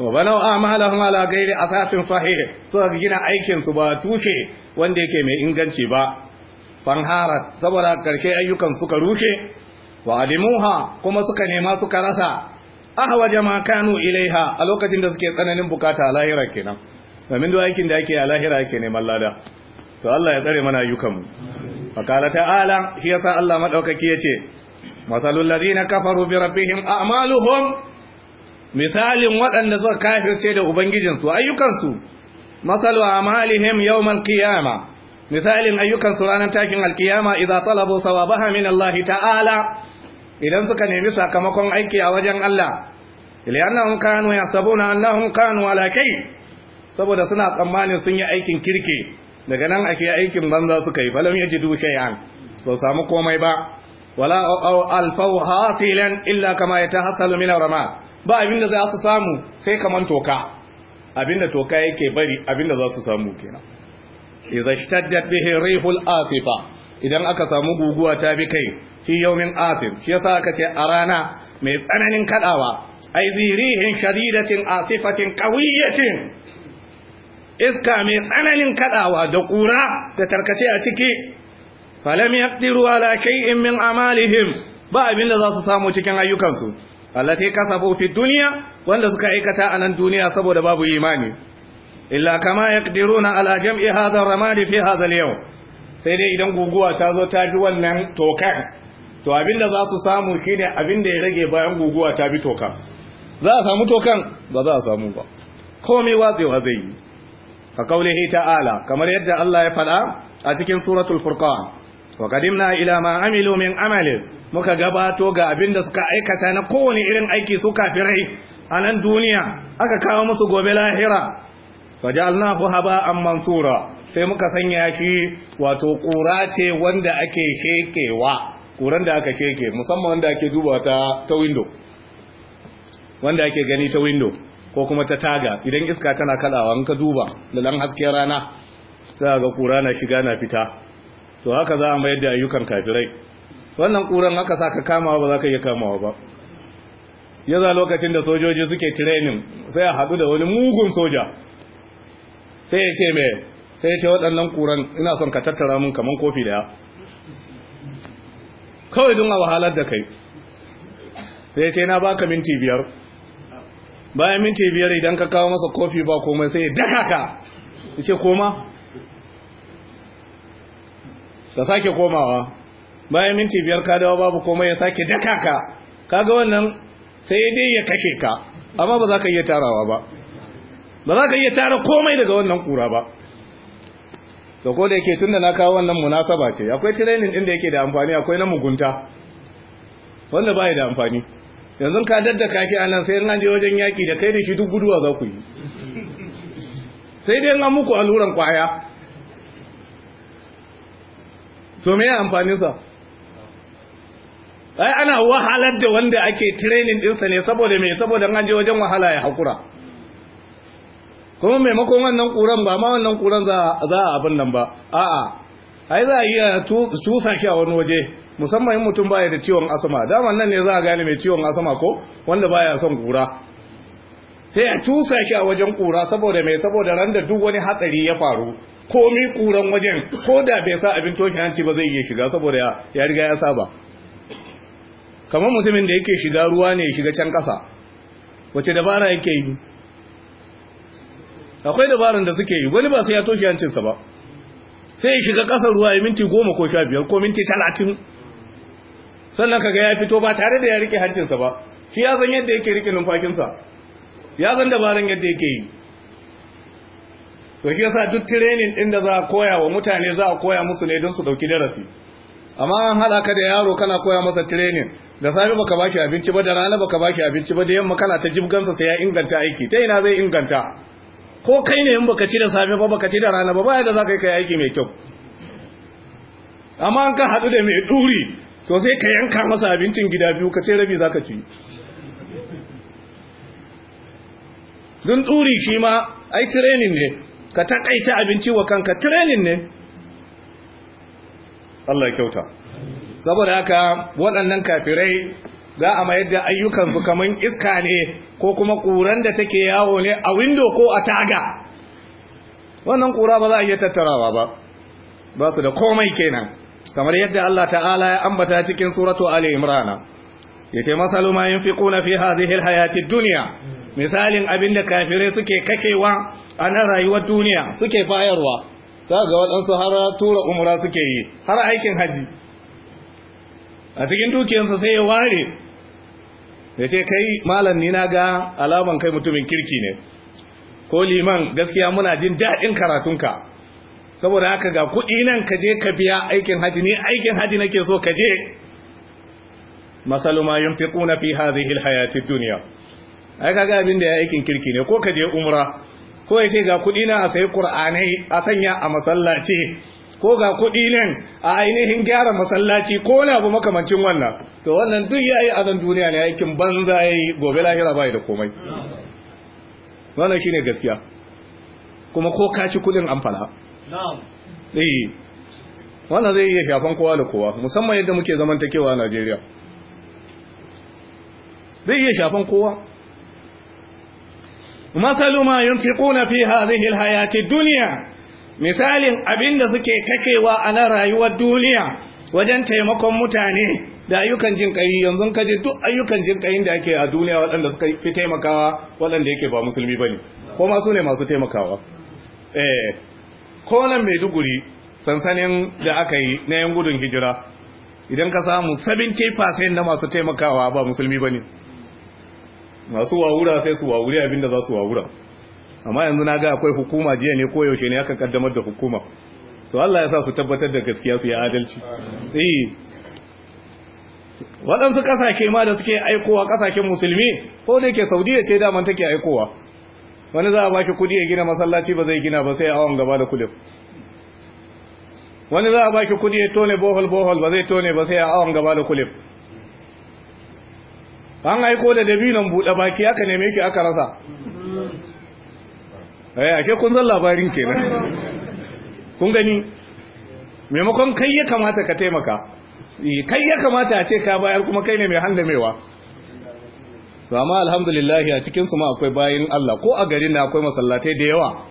wa banau a'malahum ala ghairi asasin sahih so gina aikin su ba tushe wanda yake mai inganci ba fanhara saboda karshe ayyukan suka rushe wa alimuha kuma suka nema suka rasa ahwaja ma kanu ilaiha a lokacin da suke tsananin bukata a lahira kenan domin duk aikin da ake a lahira yake neman lada to Allah ya tsare mana ayyukan mu faqala ta'ala shi yasa Allah madaukaki yace masalul ladina kafaru bi rabbihim a'maluhum misalin waɗanda suka kafirce da ubangijin ubangijinsu ayyukansu masalu amalihim yawmal qiyama misalin ayyukansu ranar takin alkiyama idza talabu sawabaha min Allah ta'ala idan suka nemi sakamakon aiki a wajen Allah li'annahum kanu yasabuna annahum kanu ala saboda suna tsammanin sun yi aikin kirki daga nan ake aikin banza suka yi ji dushe an. ba samu komai ba wala alfau hasilan illa kama ya hasalu min rama ba abinda za su samu sai kaman toka abinda toka yake bari abinda za su samu kenan idza ishtaddat bihi rihul asifa idan aka samu guguwa ta bi kai fi yawmin asif shi yasa aka ce a rana mai tsananin kadawa ai zirihin shadidatin asifatin qawiyatin iska mai tsananin kaɗawa da ƙura da tarkace a ciki falam yaqdiru ala shay'in min amalihim ba abin da za su samu cikin ayyukansu allati kasa fi duniya wanda suka aikata a nan duniya saboda babu imani illa kama yaqdiruna ala jam'i hadha ramadi fi hadha al-yawm sai dai idan guguwa ta zo ta bi wannan tokar to abinda za su samu shine abinda ya rage bayan guguwa ta bi toka. za a samu tokan ba za a samu ba komai watsewa zai yi ka kaulihi ta'ala kamar yadda Allah ya faɗa a cikin suratul furqan wa qadimna ila ma amilu min amali muka gabato ga abin da suka aikata na kowane irin aiki su kafirai a nan duniya aka kawo musu gobe lahira fajalnahu haba'an mansura sai muka sanya shi wato kura ce wanda ake shekewa kuran da aka sheke musamman wanda ake duba ta ta window wanda ake gani ta window ko kuma ta taga idan iska tana kadawa in ka duba da dan hasken rana za ga kura na shiga na fita to haka za a mayar da ayyukan kafirai wannan kuran haka sa ka kamawa ba za ka iya kamawa ba Yaza lokacin da sojoji suke training sai a haɗu da wani mugun soja sai ya ce me sai ya ce waɗannan kuran ina son ka tattara mun kaman kofi daya kawai don a wahalar da kai sai ya ce na baka minti biyar bayan minti biyar idan ka kawo masa kofi ba komai sai ya ka ya ce koma ka sake komawa bayan minti biyar ka dawo babu komai ya sake daka ka kaga wannan sai dai ya kashe ka amma ba za ka iya tarawa ba ba za ka iya tara komai daga wannan kura ba da ko da yake tunda na kawo wannan munasaba ce akwai tirenin din da yake da amfani akwai na mugunta wanda ba da amfani yanzu ka dadda kake a nan sai an je wajen yaki da kai da shi duk guduwa za ku yi sai dai na muku alluran kwaya to me amfanin sa ai ana wahalar da wanda ake training sa ne saboda me saboda an je wajen wahala ya hakura kuma maimakon wannan kuran ba ma wannan kuran za a abin nan ba a'a ai za a iya tusa shi a wani waje musamman in mutum baya da ciwon asama. daman nan ne za a gane mai ciwon asama ko wanda baya son kura sai a tusa shi a wajen kura saboda mai saboda ran da duk wani hatsari ya faru komi kuran wajen ko da bai sa abin toshe hanci ba zai iya shiga saboda ya riga ya saba kamar mutumin da yake shiga ruwa ne ya shiga can kasa wace dabara yake yi akwai dabaran da suke yi wani ba sai ya toshe hancinsa ba sai ya shiga kasar ruwa ya minti goma ko sha biyar ko minti talatin sannan kaga ya fito ba tare da ya rike hancinsa ba shi ya zan yadda yake rike numfakinsa ya zan dabaran yadda yake yi to shi yasa duk tirenin din da za a koya wa mutane za a koya musu ne don su dauki darasi amma an hada ka da yaro kana koya masa tirenin. da safe baka bashi abinci ba da rana baka bashi abinci ba da yamma kana ta jibgansa sai ya inganta aiki ta ina zai inganta ko kai ne in baka ci da safe ba baka ci da rana ba baya da za ka yi kai aiki mai kyau amma an ka haɗu da mai ɗuri to sai ka yanka masa abincin gida biyu ka ce rabi za ka ci don ɗuri shi ma ai tirenin ne ka taƙaita abinci wa kanka tirenin ne Allah ya kyauta saboda haka waɗannan kafirai za a mayar da ayyukansu kamar iska ne ko kuma ƙuran da take yawo ne a windo ko a taga wannan ƙura ba za a iya tattarawa ba ba su da komai kenan kamar yadda Allah ta'ala ya ambata cikin suratu Ali Imran ce masalu ma yunfiquna fi hadhihi alhayati dunya misalin abinda kafirai suke kakewa a nan rayuwar duniya suke bayarwa za ga waɗansu har tura umra suke yi har aikin haji a cikin dukiyarsa sai ya ware ya ce kai malam ni na ga alaman kai mutumin kirki ne ko liman gaskiya muna jin daɗin karatunka saboda haka ga kuɗi nan ka je ka biya aikin haji ni aikin haji nake so ka je masalu ma yunfiquna fi hadhihi alhayati dunya ai kaga abin da ya aikin kirki ne ko ka je umra ko ya ce ga kuɗi na a sayi qur'anai a sanya a masallaci ko ga kuɗi nan a ainihin gyara masallaci ko ne abu makamancin wannan to wannan duk ya yi azan duniya ne aikin banza ya yi gobe lahira bai da komai wannan shi ne gaskiya kuma ko ka ci kuɗin amfana eh, wannan zai iya shafan kowa da kowa musamman yadda muke zamantakewa a najeriya zai iya shafan kowa مثل ما ينفقون في هذه الحياة الدنيا misalin abin da suke kakewa a na rayuwar duniya wajen taimakon mutane da ayyukan jin kai yanzu ka je duk ayyukan jin kai da ake a duniya waɗanda suka fi taimakawa waɗanda yake ba musulmi bane ko ma su ne masu taimakawa eh ko nan Maiduguri sansanin da aka yi na yan gudun hijira idan ka samu 70% na masu taimakawa ba musulmi bane masu wawura sai su wawuri abinda za su wawura amma yanzu na ga akwai hukuma jiya ne ko yaushe ne aka kaddamar da hukuma to Allah ya sa su tabbatar da gaskiya su yi adalci eh waɗansu ƙasashe ma da suke aikowa kasashen musulmi ko da yake saudiya ce daman take aikowa wani za a bashi kudi ya gina masallaci ba zai gina ba sai awon gaba da kulin wani za a bashi kudi ya tone bohol bohol ba zai tone ba sai awon gaba da kulin an aiko da dabinan buɗe baki aka neme shi aka rasa eh ashe kun san labarin kenan kun gani maimakon kai ya kamata ka taimaka eh, kai ya kamata a ce ka bayar kuma kai ne mai handamewa to amma alhamdulillah a cikin su ma akwai bayin Allah ko a garin da akwai masallatai da yawa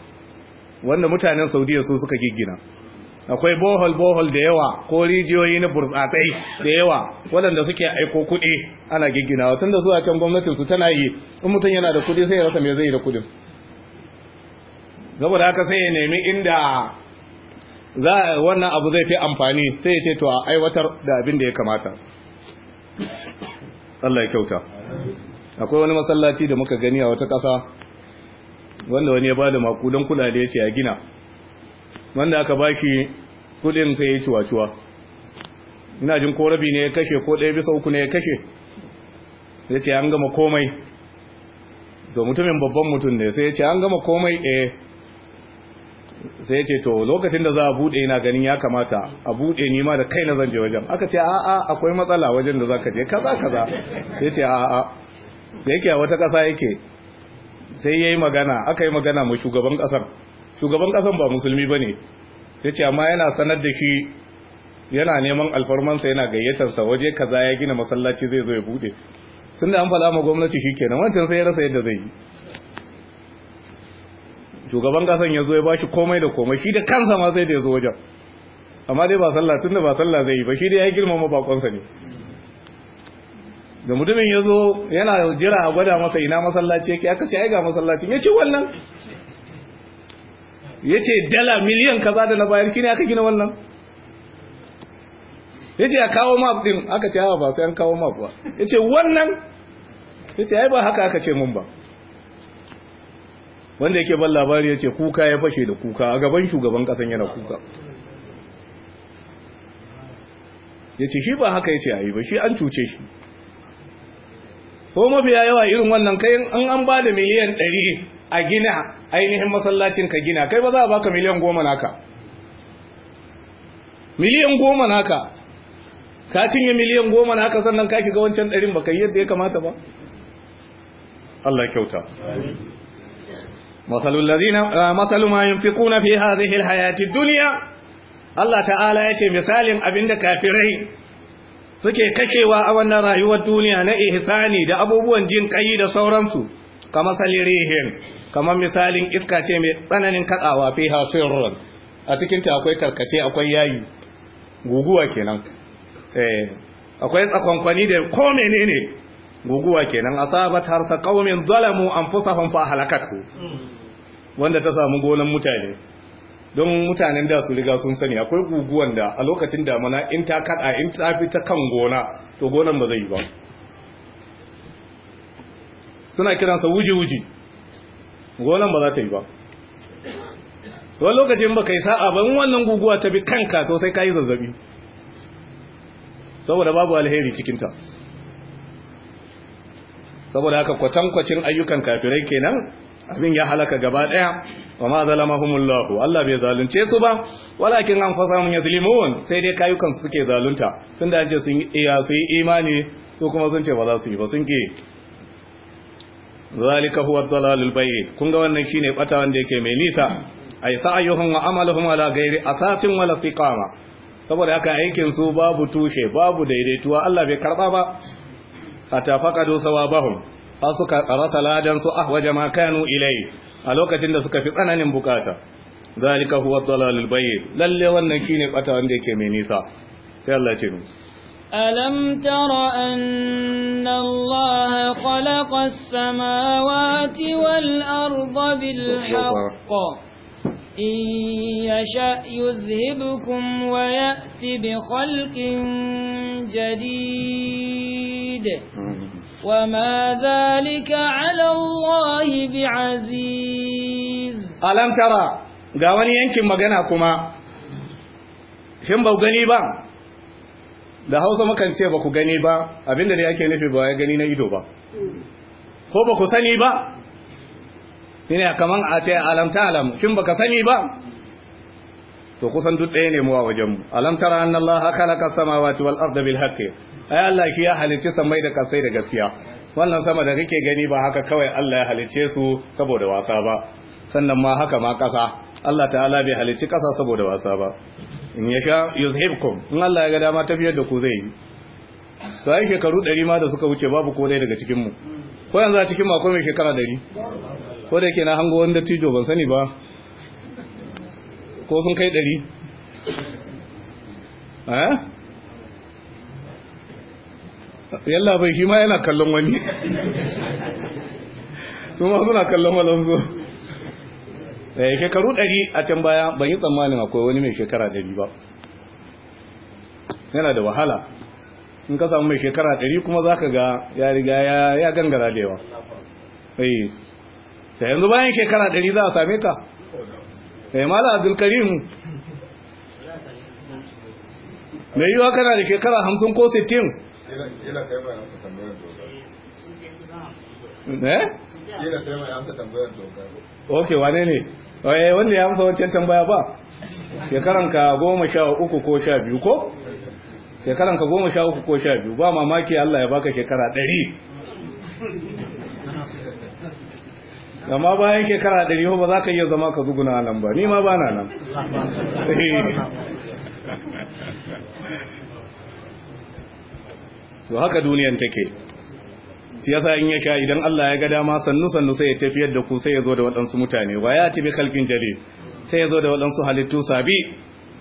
wanda mutanen Saudiya su suka giggina akwai bohol bohol da yawa ko rijiyoyi na burtsatsai da yawa waɗanda suke aiko kuɗi ana gigginawa tunda zuwa can gwamnatin su tana yi in mutum yana da kuɗi sai ya rasa me zai yi da kuɗin saboda haka sai ya nemi inda za wannan abu zai fi amfani sai ya ce to a aiwatar da abin da ya kamata Allah ya kyauta akwai wani masallaci da muka gani a wata ƙasa wanda wani ya ba da makudan kula da ya ce a gina wanda aka ba shi kudin sai ya ciwa-ciwa ina jin ko rabi ne ya kashe ko ɗaya bisa uku ne ya kashe ya ce an gama komai to mutumin babban mutum ne sai ya ce an gama komai eh sai ce to lokacin da za a bude yana ganin ya kamata a bude ni ma da kai na zanje wajen aka ce a'a akwai matsala wajen da zaka je kaza kaza sai ce a'a da yake a wata kasa yake sai yayi magana aka yi magana mu shugaban kasar shugaban kasar ba musulmi bane sai ce amma yana sanar da shi yana neman alfarmansa yana gayyatar sa waje kaza ya gina masallaci zai zo ya bude tunda an fada ma gwamnati shikenan wancan sai ya rasa yadda zai yi shugaban kasan ya zo ya bashi komai da komai shi da kansa ma sai da ya zo wajen amma dai ba sallah tun da ba sallah zai yi ba shi dai ya yi girmama bakonsa ne da mutumin ya zo yana jira a gwada masa ina masallaci yake aka ce ai ga masallaci, ya ce wannan ya ce dala miliyan kaza da na bayar kini aka gina wannan ya ce a kawo map din aka ce hawa ba sai an kawo map ba ya ce wannan ya ce ai ba haka aka ce mun ba wanda yake ban labari ya ce kuka ya fashe da kuka a gaban shugaban kasan yana kuka ya ce shi ba haka ya ce a yi ba shi an cuce shi ko mafiya yawa irin wannan kai an an ba da miliyan ɗari a gina ainihin masallacin ka gina kai ba za a baka miliyan goma naka miliyan goma naka ka cinye miliyan goma naka sannan ka ga wancan ɗarin kai yadda ya kamata ba Allah kyauta masalul ladina masalu ma yunfiquna fi hadhihi alhayati Allah ta'ala ce misalin abinda kafirai suke kakewa a wannan rayuwar duniya na ihsani da abubuwan jin kai da sauransu kamar salirihin kamar misalin iska ce mai tsananin katsawa fi hasirun a cikin ta akwai tarkace akwai yayi guguwa kenan eh akwai tsakonkwani da ko menene guguwa kenan asabat harsa qaumin zalamu anfusahum fa halakatu wanda ta samu gonan mutane don mutanen da su riga sun sani akwai guguwan da a lokacin damana in ta kada in ta fi ta kan gona to gonan ba zai yi ba suna kiransa wuji-wuji gonan ba za ta yi ba wani lokacin ba kai sa'a ban wannan guguwa ta bi kanka to sai ka yi zazzabi saboda babu alheri cikinta saboda haka kwatankwacin ayyukan kafirai kenan abin ya halaka gaba daya wa ma zalamahumullahu Allah bai zalunce su ba walakin an fasa mun sai dai kayukan su suke zalunta sun da ce sun iya su yi imani su kuma sun ce ba za su yi ba sun ke zalika huwa dalalul bayyin kun ga wannan shine bata wanda yake mai nisa ay sa'ayuhum wa amaluhum ala ghairi asasin wala istiqama saboda haka aikin su babu tushe babu daidaituwa Allah bai karba ba atafaqadu sawabahum a suka rasa ladan su ahwa jamakanu ilai a lokacin da suka fi tsananin bukata zalika huwa dalalul bayy lalle wannan shine bata wanda yake mai nisa sai Allah ya ce mu alam tara anna allah khalaqa as-samawati wal arda bil haqq bi khalqin jadid hmm. وما ذلك على الله بعزيز ألم ترى قاواني ينكي مغناكما shin ba gani ba da hausa makan ce ba ku gani ba abinda ne yake nufi ba ya gani na ido ba ko ba ku sani ba ina kamar a ce alamta alamu, alam shin ka sani ba to kusan duk ɗaya ne mu a wajen mu alam tara anna Allah khalaqa samawati wal arda bil haqqi ai Allah shi ya halicce samai da kasai da gaskiya wannan sama da kake gani ba haka kawai Allah ya halicce su saboda wasa ba sannan ma haka ma kasa Allah ta'ala bai halicci kasa saboda wasa ba in ya sha yuzhibkum in Allah ya ga dama tafiyar da ku zai yi to ai shekaru 100 ma da suka wuce babu ko dai daga cikin mu ko yanzu a cikin mako mai shekara 100 ko da yake na hango wanda tijo ban sani ba ko sun kai ɗari yalla bai shi ma yana kallon wani Suma suna kallon walansu eh, shekaru ɗari a can baya ban yi tsammanin akwai wani mai shekara ɗari ba yana da wahala in ka samu mai shekara ɗari kuma za ka ga ya riga ya gangara da yawa eh. da yanzu bayan shekara ɗari za a same ka mai eh, mala abdul karim me yiwa kana da shekara hamsin ko sittin eh? ok wane ne eh, wanda ya amsa wancan tambaya ba shekaran ka goma sha uku ko sha biyu ko shekaran ka goma sha uku ko sha biyu ba mamaki Allah ya baka shekara ɗari amma bayan shekara ɗari ba za ka iya zama ka zuguna nan ba ni ma ba na nan eh. to haka duniyan take yasa in ya sha idan Allah ya ga dama sannu sannu sai ya tafiyar da ku sai ya zo da waɗansu mutane wa ya tibi kalkin jari sai ya zo da waɗansu halittu sabi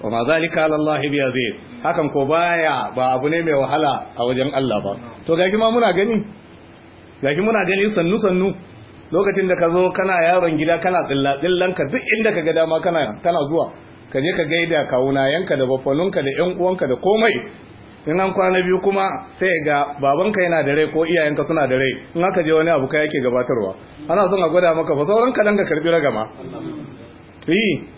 wa ma zalika Allah bi azid hakan ko baya ba abu ne mai wahala a wajen Allah ba to gaki ma muna gani gaki muna gani sannu sannu lokacin da ka zo kana yaron gida kana tsilla tsillan ka duk inda ka ga dama kana kana zuwa ka je ka gaida kawuna yanka da bafanunka da yan uwanka da komai in an kwana biyu kuma sai ga babanka yana da rai ko iyayenka suna da rai in aka je wani abu ka yake gabatarwa ana son a gwada maka ba sauran ka dan ka karbi ragama yi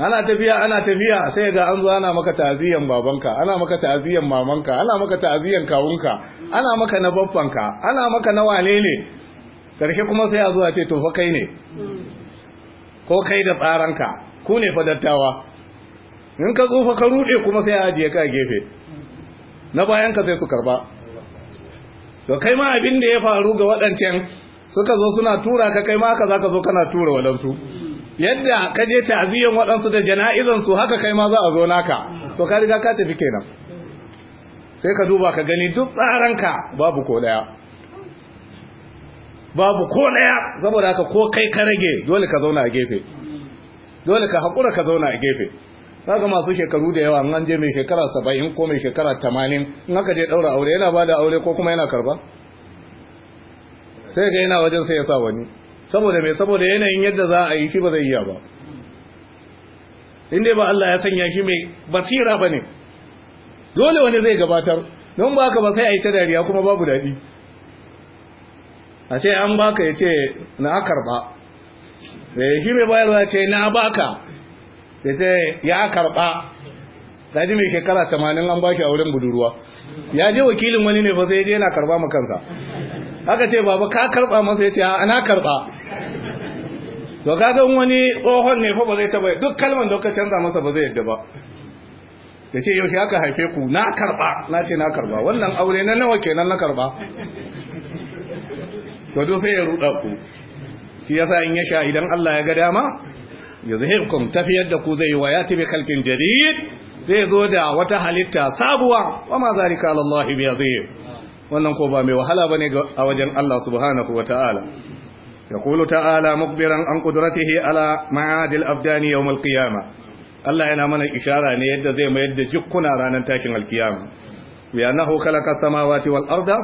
ana tafiya ana tafiya sai ga an zo ana maka ta'aziyan babanka ana maka ta'aziyan mamanka ana maka ta'aziyan kawunka ana maka na babbanka ana maka na wane ne karshe kuma sai a zo a ce to fa kai ne ko kai da tsaranka ku ne fa dattawa in ka tsufa ka rude kuma sai a ajiye ka gefe na bayan ka sai su karba to kai ma abin da ya faru ga waɗancan suka zo suna tura ka kai ma haka zaka zo kana tura walansu yadda ka je ta'aziyan waɗansu da jana'izansu haka kai ma za a zo naka to ka riga ka tafi kenan sai ka duba ka gani duk tsaranka babu ko daya babu ko daya saboda haka ko kai ka rage dole ka zauna a gefe dole ka haƙura ka zauna a gefe kaga masu shekaru da yawa an je mai shekara saba'in ko mai shekara tamanin in aka je ɗaura aure yana ba da aure ko kuma yana karba sai ga yana wajen sai ya sa wani saboda mai saboda yanayin yadda za a yi shi ba zai iya ba inda ba Allah ya sanya shi mai basira ba ne dole wani zai gabatar don ba ka ba sai a yi ta dariya kuma babu daɗi a ce an baka ya ce na karɓa da eh, ya shi mai bayarwa ce na baka ya ce ya karɓa ta ji mai shekara tamanin an ba shi a wurin budurwa ya je wakilin wani ne ba sai ya je na karɓa ma kansa aka ce baba ka karba masa ya ce a na karba to kaga wani tsohon ne fa ba zai taba duk kalman da ka canza masa ba zai yadda ba ya ce yaushe aka haife ku na karba na ce na karba wannan aure na nawa kenan na karba to do sai ya ruda ku shi yasa in ya sha idan Allah ya ga dama ya zahirkum tafiyar da ku zai wa ya tabi kalkin jadid zai zo da wata halitta sabuwa wa ma zalika ala bi azim wannan ko ba mai wahala bane a wajen Allah subhanahu wataala yaqulu ta'ala mukbiran an qudratihi ala ma'adil afdani yawm alqiyama Allah yana mana ishara ne yadda zai mayar da jikkuna ranar takin alkiyama bi annahu khalaqa samawati wal arda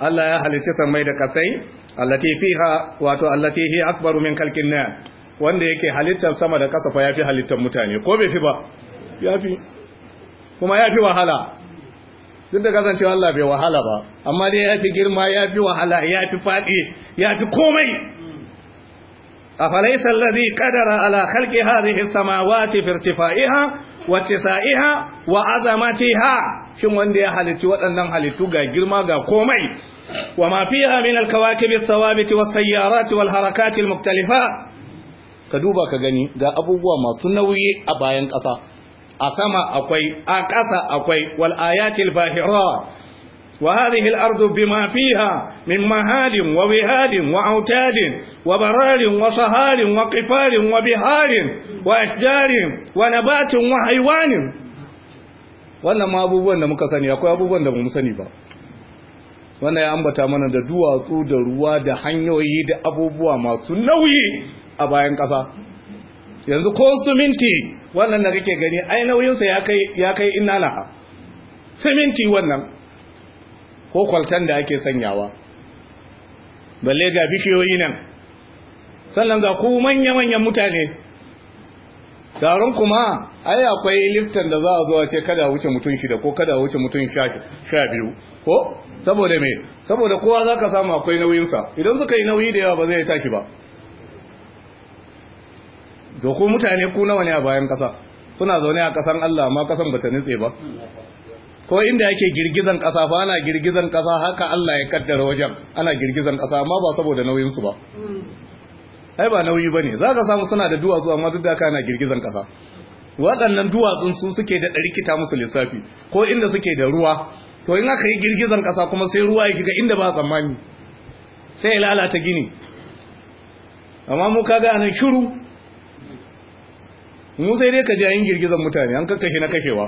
Allah ya halitta samai da kasai allati fiha wato allati hi akbaru min khalqin wanda yake halittar sama da kasa fa yafi halittar mutane ko bai fi ba yafi kuma yafi wahala duk da kasancewa Allah bai wahala ba amma dai ya fi girma ya fi wahala ya fi faɗi ya fi komai a falaisa lalzi kadara ala halki harihi samawati firtifa'iha wa tisa'iha wa ha. shin wanda ya halitti waɗannan halittu ga girma ga komai wa mafi fiha min alkawakib as-sawabit was wal harakat al ka duba ka gani ga abubuwa masu nauyi a bayan ƙasa a sama akwai a ƙasa akwai wal ayatil bahira wa hadhihi al-ardu bima fiha min mahalin wa wihadin wa autadin wa bararin wa saharin, wa qifarin wa biharin wa ashjarin wa nabatin wa haywanin wannan ma abubuwan da muka sani akwai abubuwan da bamu sani ba wannan ya ambata mana da duwatsu da ruwa da hanyoyi da abubuwa masu nauyi a bayan ƙasa yanzu ko siminti wannan da kake gani ai nauyinsa ya kai ya kai inna laha siminti wannan ko kwaltan da ake sanyawa balle ga bishiyoyi nan sannan ga ku manya-manyan mutane taron kuma ai akwai liftan da za a zuwa ce kada wuce mutum shida ko kada wuce mutum sha biyu ko saboda me saboda kowa za ka samu akwai nauyinsa idan suka yi nauyi da yawa ba zai tashi ba to ku mutane ku nawa ne a bayan kasa suna zaune a kasan Allah ma kasan bata nutse ba ko inda yake girgizan kasa fa ana girgizan kasa haka Allah ya kaddara wajen ana girgizan kasa amma ba saboda nauyin su ba ai ba nauyi bane zaka samu suna da duwatsu amma duk da haka ana girgizan kasa waɗannan duwatsun su suke da ɗarikita musu lissafi ko inda suke da ruwa to in aka yi girgizan kasa kuma sai ruwa ya shiga inda ba tsammani sai ya lalata gini amma mu kaga anan shiru mu sai dai ka ji yin girgizan mutane an kakkashe na kashewa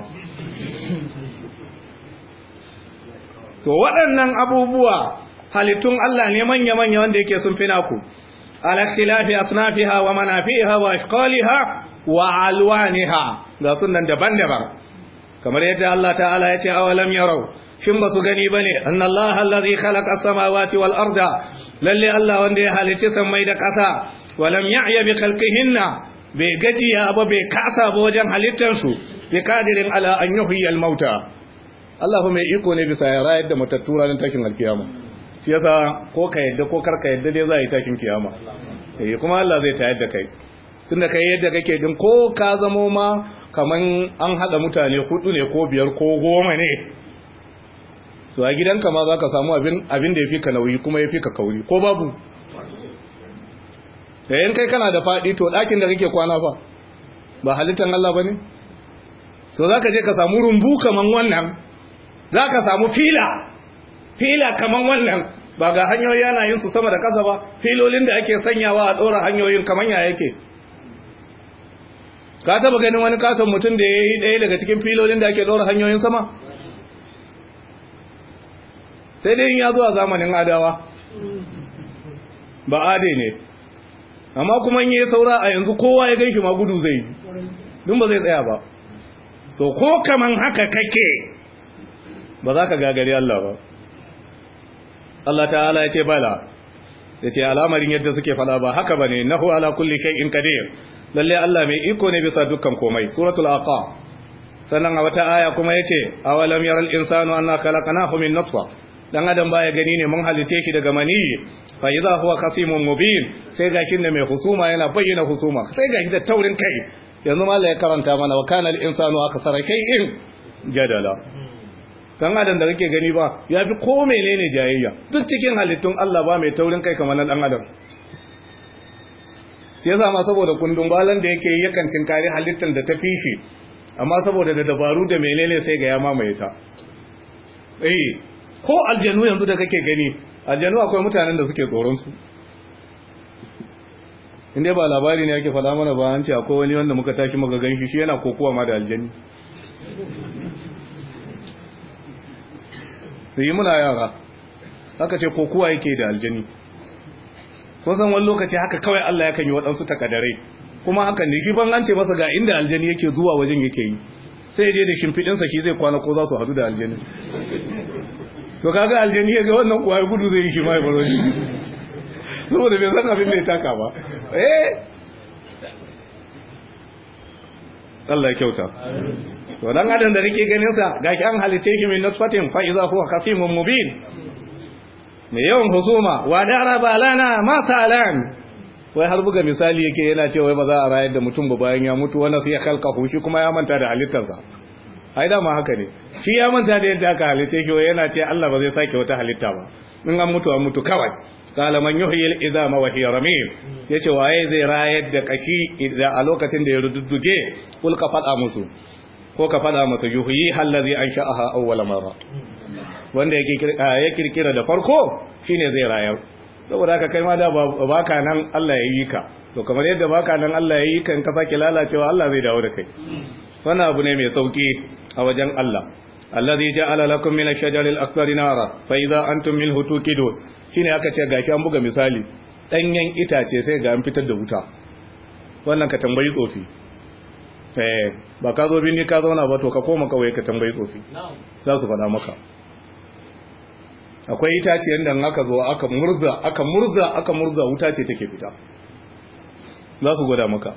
to waɗannan abubuwa halittun Allah ne manya-manya wanda yake sun fi naku ala ikhtilafi asnafiha wa manafiha wa ashqaliha wa alwaniha ga sunan daban-daban kamar yadda Allah ta'ala ya ce awalam yarau shin ba su gani bane anna Allah allazi khalaqa as-samawati wal arda lalle Allah wanda ya halicci sammai da ƙasa walam ya'ya bi khalqihinna bai gajiya ba bai kasa ba wajen halittarsu bai kadirin ala an yi al mauta Allah mai iko ne bisa ya rayar da matattu ranar takin alkiyama shi yasa ko ka yadda ko karka yadda dai za a yi takin kiyama eh kuma Allah zai tayar da kai tunda kai yadda kake din ko ka zamo ma kaman an hada mutane hudu ne ko biyar ko goma ne to a gidanka ma zaka samu abin abin da yafi ka nauyi kuma yafi ka kauri ko babu yin kai kana da faɗi to ɗakin da kake kwana fa ba halittar Allah ba ne so za ka je ka samu rumbu kaman wannan za ka samu fila fila kaman wannan ba ga hanyoyi yana yin su sama da kasa ba filolin da ake sanyawa a ɗora hanyoyin kaman ya yake ka taba ganin wani kasan mutum da ya yi ɗaya daga cikin filolin da ake ɗora hanyoyin sama sai dai in ya zuwa zamanin adawa ba ade ne amma kuma yi saura a yanzu kowa ya gan shi ma gudu zai yi dun ba zai tsaya ba to ko kaman haka kake ba za ka gagari Allah ba Allah ta'ala ya ce bala ya ce alamarin yadda suke fada ba haka ba ne nahu ala kulli shai in qadir lalle Allah mai iko ne bisa dukkan komai suratul aqa sannan a wata aya kuma ya ce awalam yaral insanu anna khalaqnahu min nutfa dan adam baya gani ne mun halice shi daga mani? fa idza huwa khasimun mubin sai gashi da mai husuma yana bayyana husuma sai gashi da taurin kai yanzu ma ya karanta mana wa kana al-insanu akthara shay'in jadala dan adam da kake gani ba ya fi ko menene jayayya duk cikin halittun Allah ba mai taurin kai kamar dan adam sai yasa ma saboda kundin balan da yake yakan tinkari halittun da ta fifi amma saboda da dabaru da menene sai ga ya mamaye ta eh ko aljanu yanzu da kake gani aljanu akwai mutanen da suke tsoron su inda ba labari ne yake fada mana ba an ce akwai wani wanda muka tashi muka ganshi shi yana kokowa ma da aljani da yi muna yara aka ce kokowa yake da aljani ko san wani lokaci haka kawai Allah ya kanyi yi waɗansu takadarai kuma hakan ne shi ban an ce masa ga inda aljani yake zuwa wajen yake yi sai dai da shimfiɗinsa shi zai kwana ko za su hadu da aljani to kaga aljani ya ga wannan kuwa gudu zai yi shi mai baro shi saboda bai san abin da ya taka ba eh Allah ya kyauta to dan adam da rike ganin sa gashi an halice shi min nutfatin fa iza huwa khasimun mubin mai yawan husuma wa dara balana ma salan wai har buga misali yake yana cewa ba za a rayar da mutum ba bayan ya mutu wannan sai ya halka shi kuma ya manta da halittarsa ai dama haka ne shi ya manta da yadda aka halitta shi yana ce Allah ba zai sake wata halitta ba in an mutu an mutu kawai qala man yuhyi al-izama wa hiya ramim yace waye zai rayar da kashi a lokacin da ya rududduge kul ka fada musu ko ka fada masa yuhyi allazi ansha'aha awwala marra wanda ah, ya kirkira da farko shine zai rayar saboda haka kai ma da baka nan Allah ya yi ka to kamar yadda baka nan Allah ya yi ka in ka sake lalacewa Allah zai dawo da kai wannan abu ne mai sauki a wajen Allah allazi ja'ala lakum min ash-shajaril akbari nara fa idza antum minhu tuqidun shine aka ce gashi an buga misali danyen itace sai ga an fitar da wuta wannan ka tambayi tsofi eh ba ka zo ni ka zauna ba to ka koma kawai ka tambayi tsofi za su faɗa maka akwai itace yanda aka zo aka murza aka murza aka murza wuta ce take fita za su gwada maka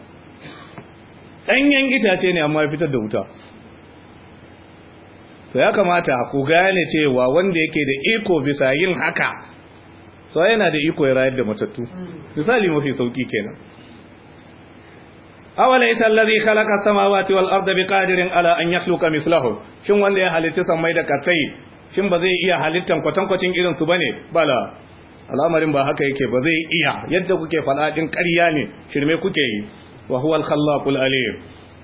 ɗanyen itace ne amma ya fitar da wuta to ya kamata ku gane cewa wanda yake da iko bisa yin haka to yana da iko ya rayar da matattu hmm. misali mafi sauki kenan awalaysa allazi khalaqa samawati wal arda biqadirin ala an yakhluqa mislahu shin wanda ya halitta samai da katsai shin ba zai iya halittan kwatankwacin irin su bane bala al'amarin ba haka yake ba zai iya yadda kuke faɗa din ƙarya ne shirme kuke yi wa huwa al-khallaqul alim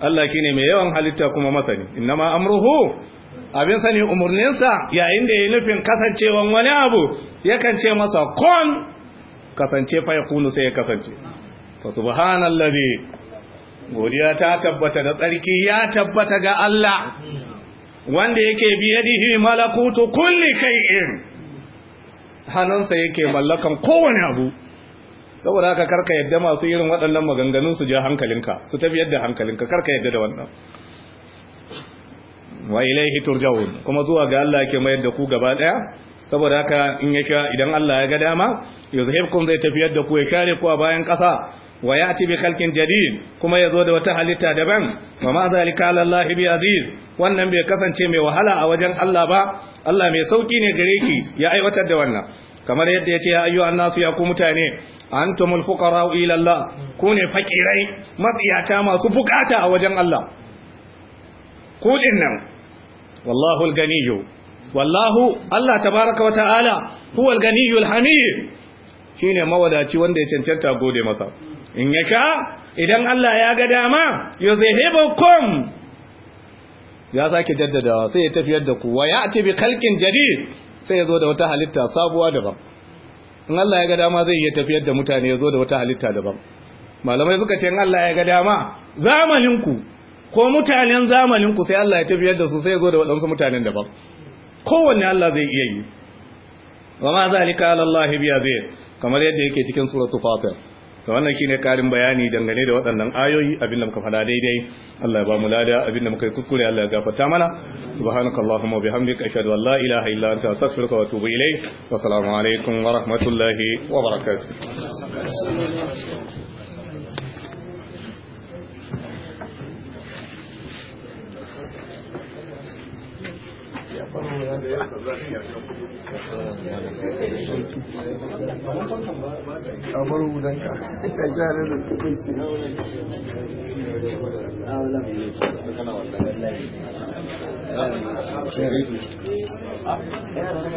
Allah shine mai yawan halitta kuma masani innama amruhu abin sani umurninsa yayin da ya nufin kasancewan wani abu yakan ce masa kun kasance fa yakunu sai ya kasance fa subhanallazi godiya ta tabbata da tsarki ya tabbata ga Allah wanda yake yadihi malakutu kulli shay'in hannunsa yake mallakan kowane abu saboda haka karka yadda masu irin waɗannan maganganun su ja hankalinka su tafi yadda hankalinka karka yadda da wannan wa ilaihi turja'un kuma zuwa ga Allah yake mayar da ku gaba daya saboda haka in yake idan Allah ya ga dama yuzhibkum zai tafi yadda ku ya share ku a bayan kasa wa ya'ti bi khalqin jadid kuma ya zo da wata halitta daban wa ma zalika ala Allah bi aziz wannan bai kasance mai wahala a wajen Allah ba Allah mai sauki ne gare ki ya aiwatar da wannan kamar yadda yace ya ayyu annasu ya ku mutane antumul fuqara'u ila Allah ku ne fakirai matsiyata masu bukata a wajen Allah ku dinnan wallahu al wallahu Allah tabaraka wa ta'ala huwa al-ganiyyu al-hamid shine mawadaci wanda ya cancanta gode masa in yaka idan Allah ya ga dama yuzhibukum ya sake jaddadawa sai ya tafiyar da ku wa ya'ti bi khalqin jadid sai ya zo da wata halitta sabuwa daban in Allah ya ga dama zai iya tafiyar da mutane ya zo da wata halitta daban malamai suka ce in Allah ya ga dama zamaninku ko mutanen zamaninku sai Allah ya tafiyar da su sai ya zo da waɗansu mutanen daban kowanne Allah zai iya yi wa ma zalika ala biya zai kamar yadda yake cikin suratu fatir to wannan shine karin bayani dangane da waɗannan ayoyi abinda muka fada daidai Allah ya ba mu lada abinda muka yi kuskure Allah ya gafarta mana subhanakallahumma wa bihamdika ashhadu an la ilaha illa anta astaghfiruka wa atubu ilayk wa assalamu alaikum wa rahmatullahi wa barakatuh Gracias. kamar wudanka ka share da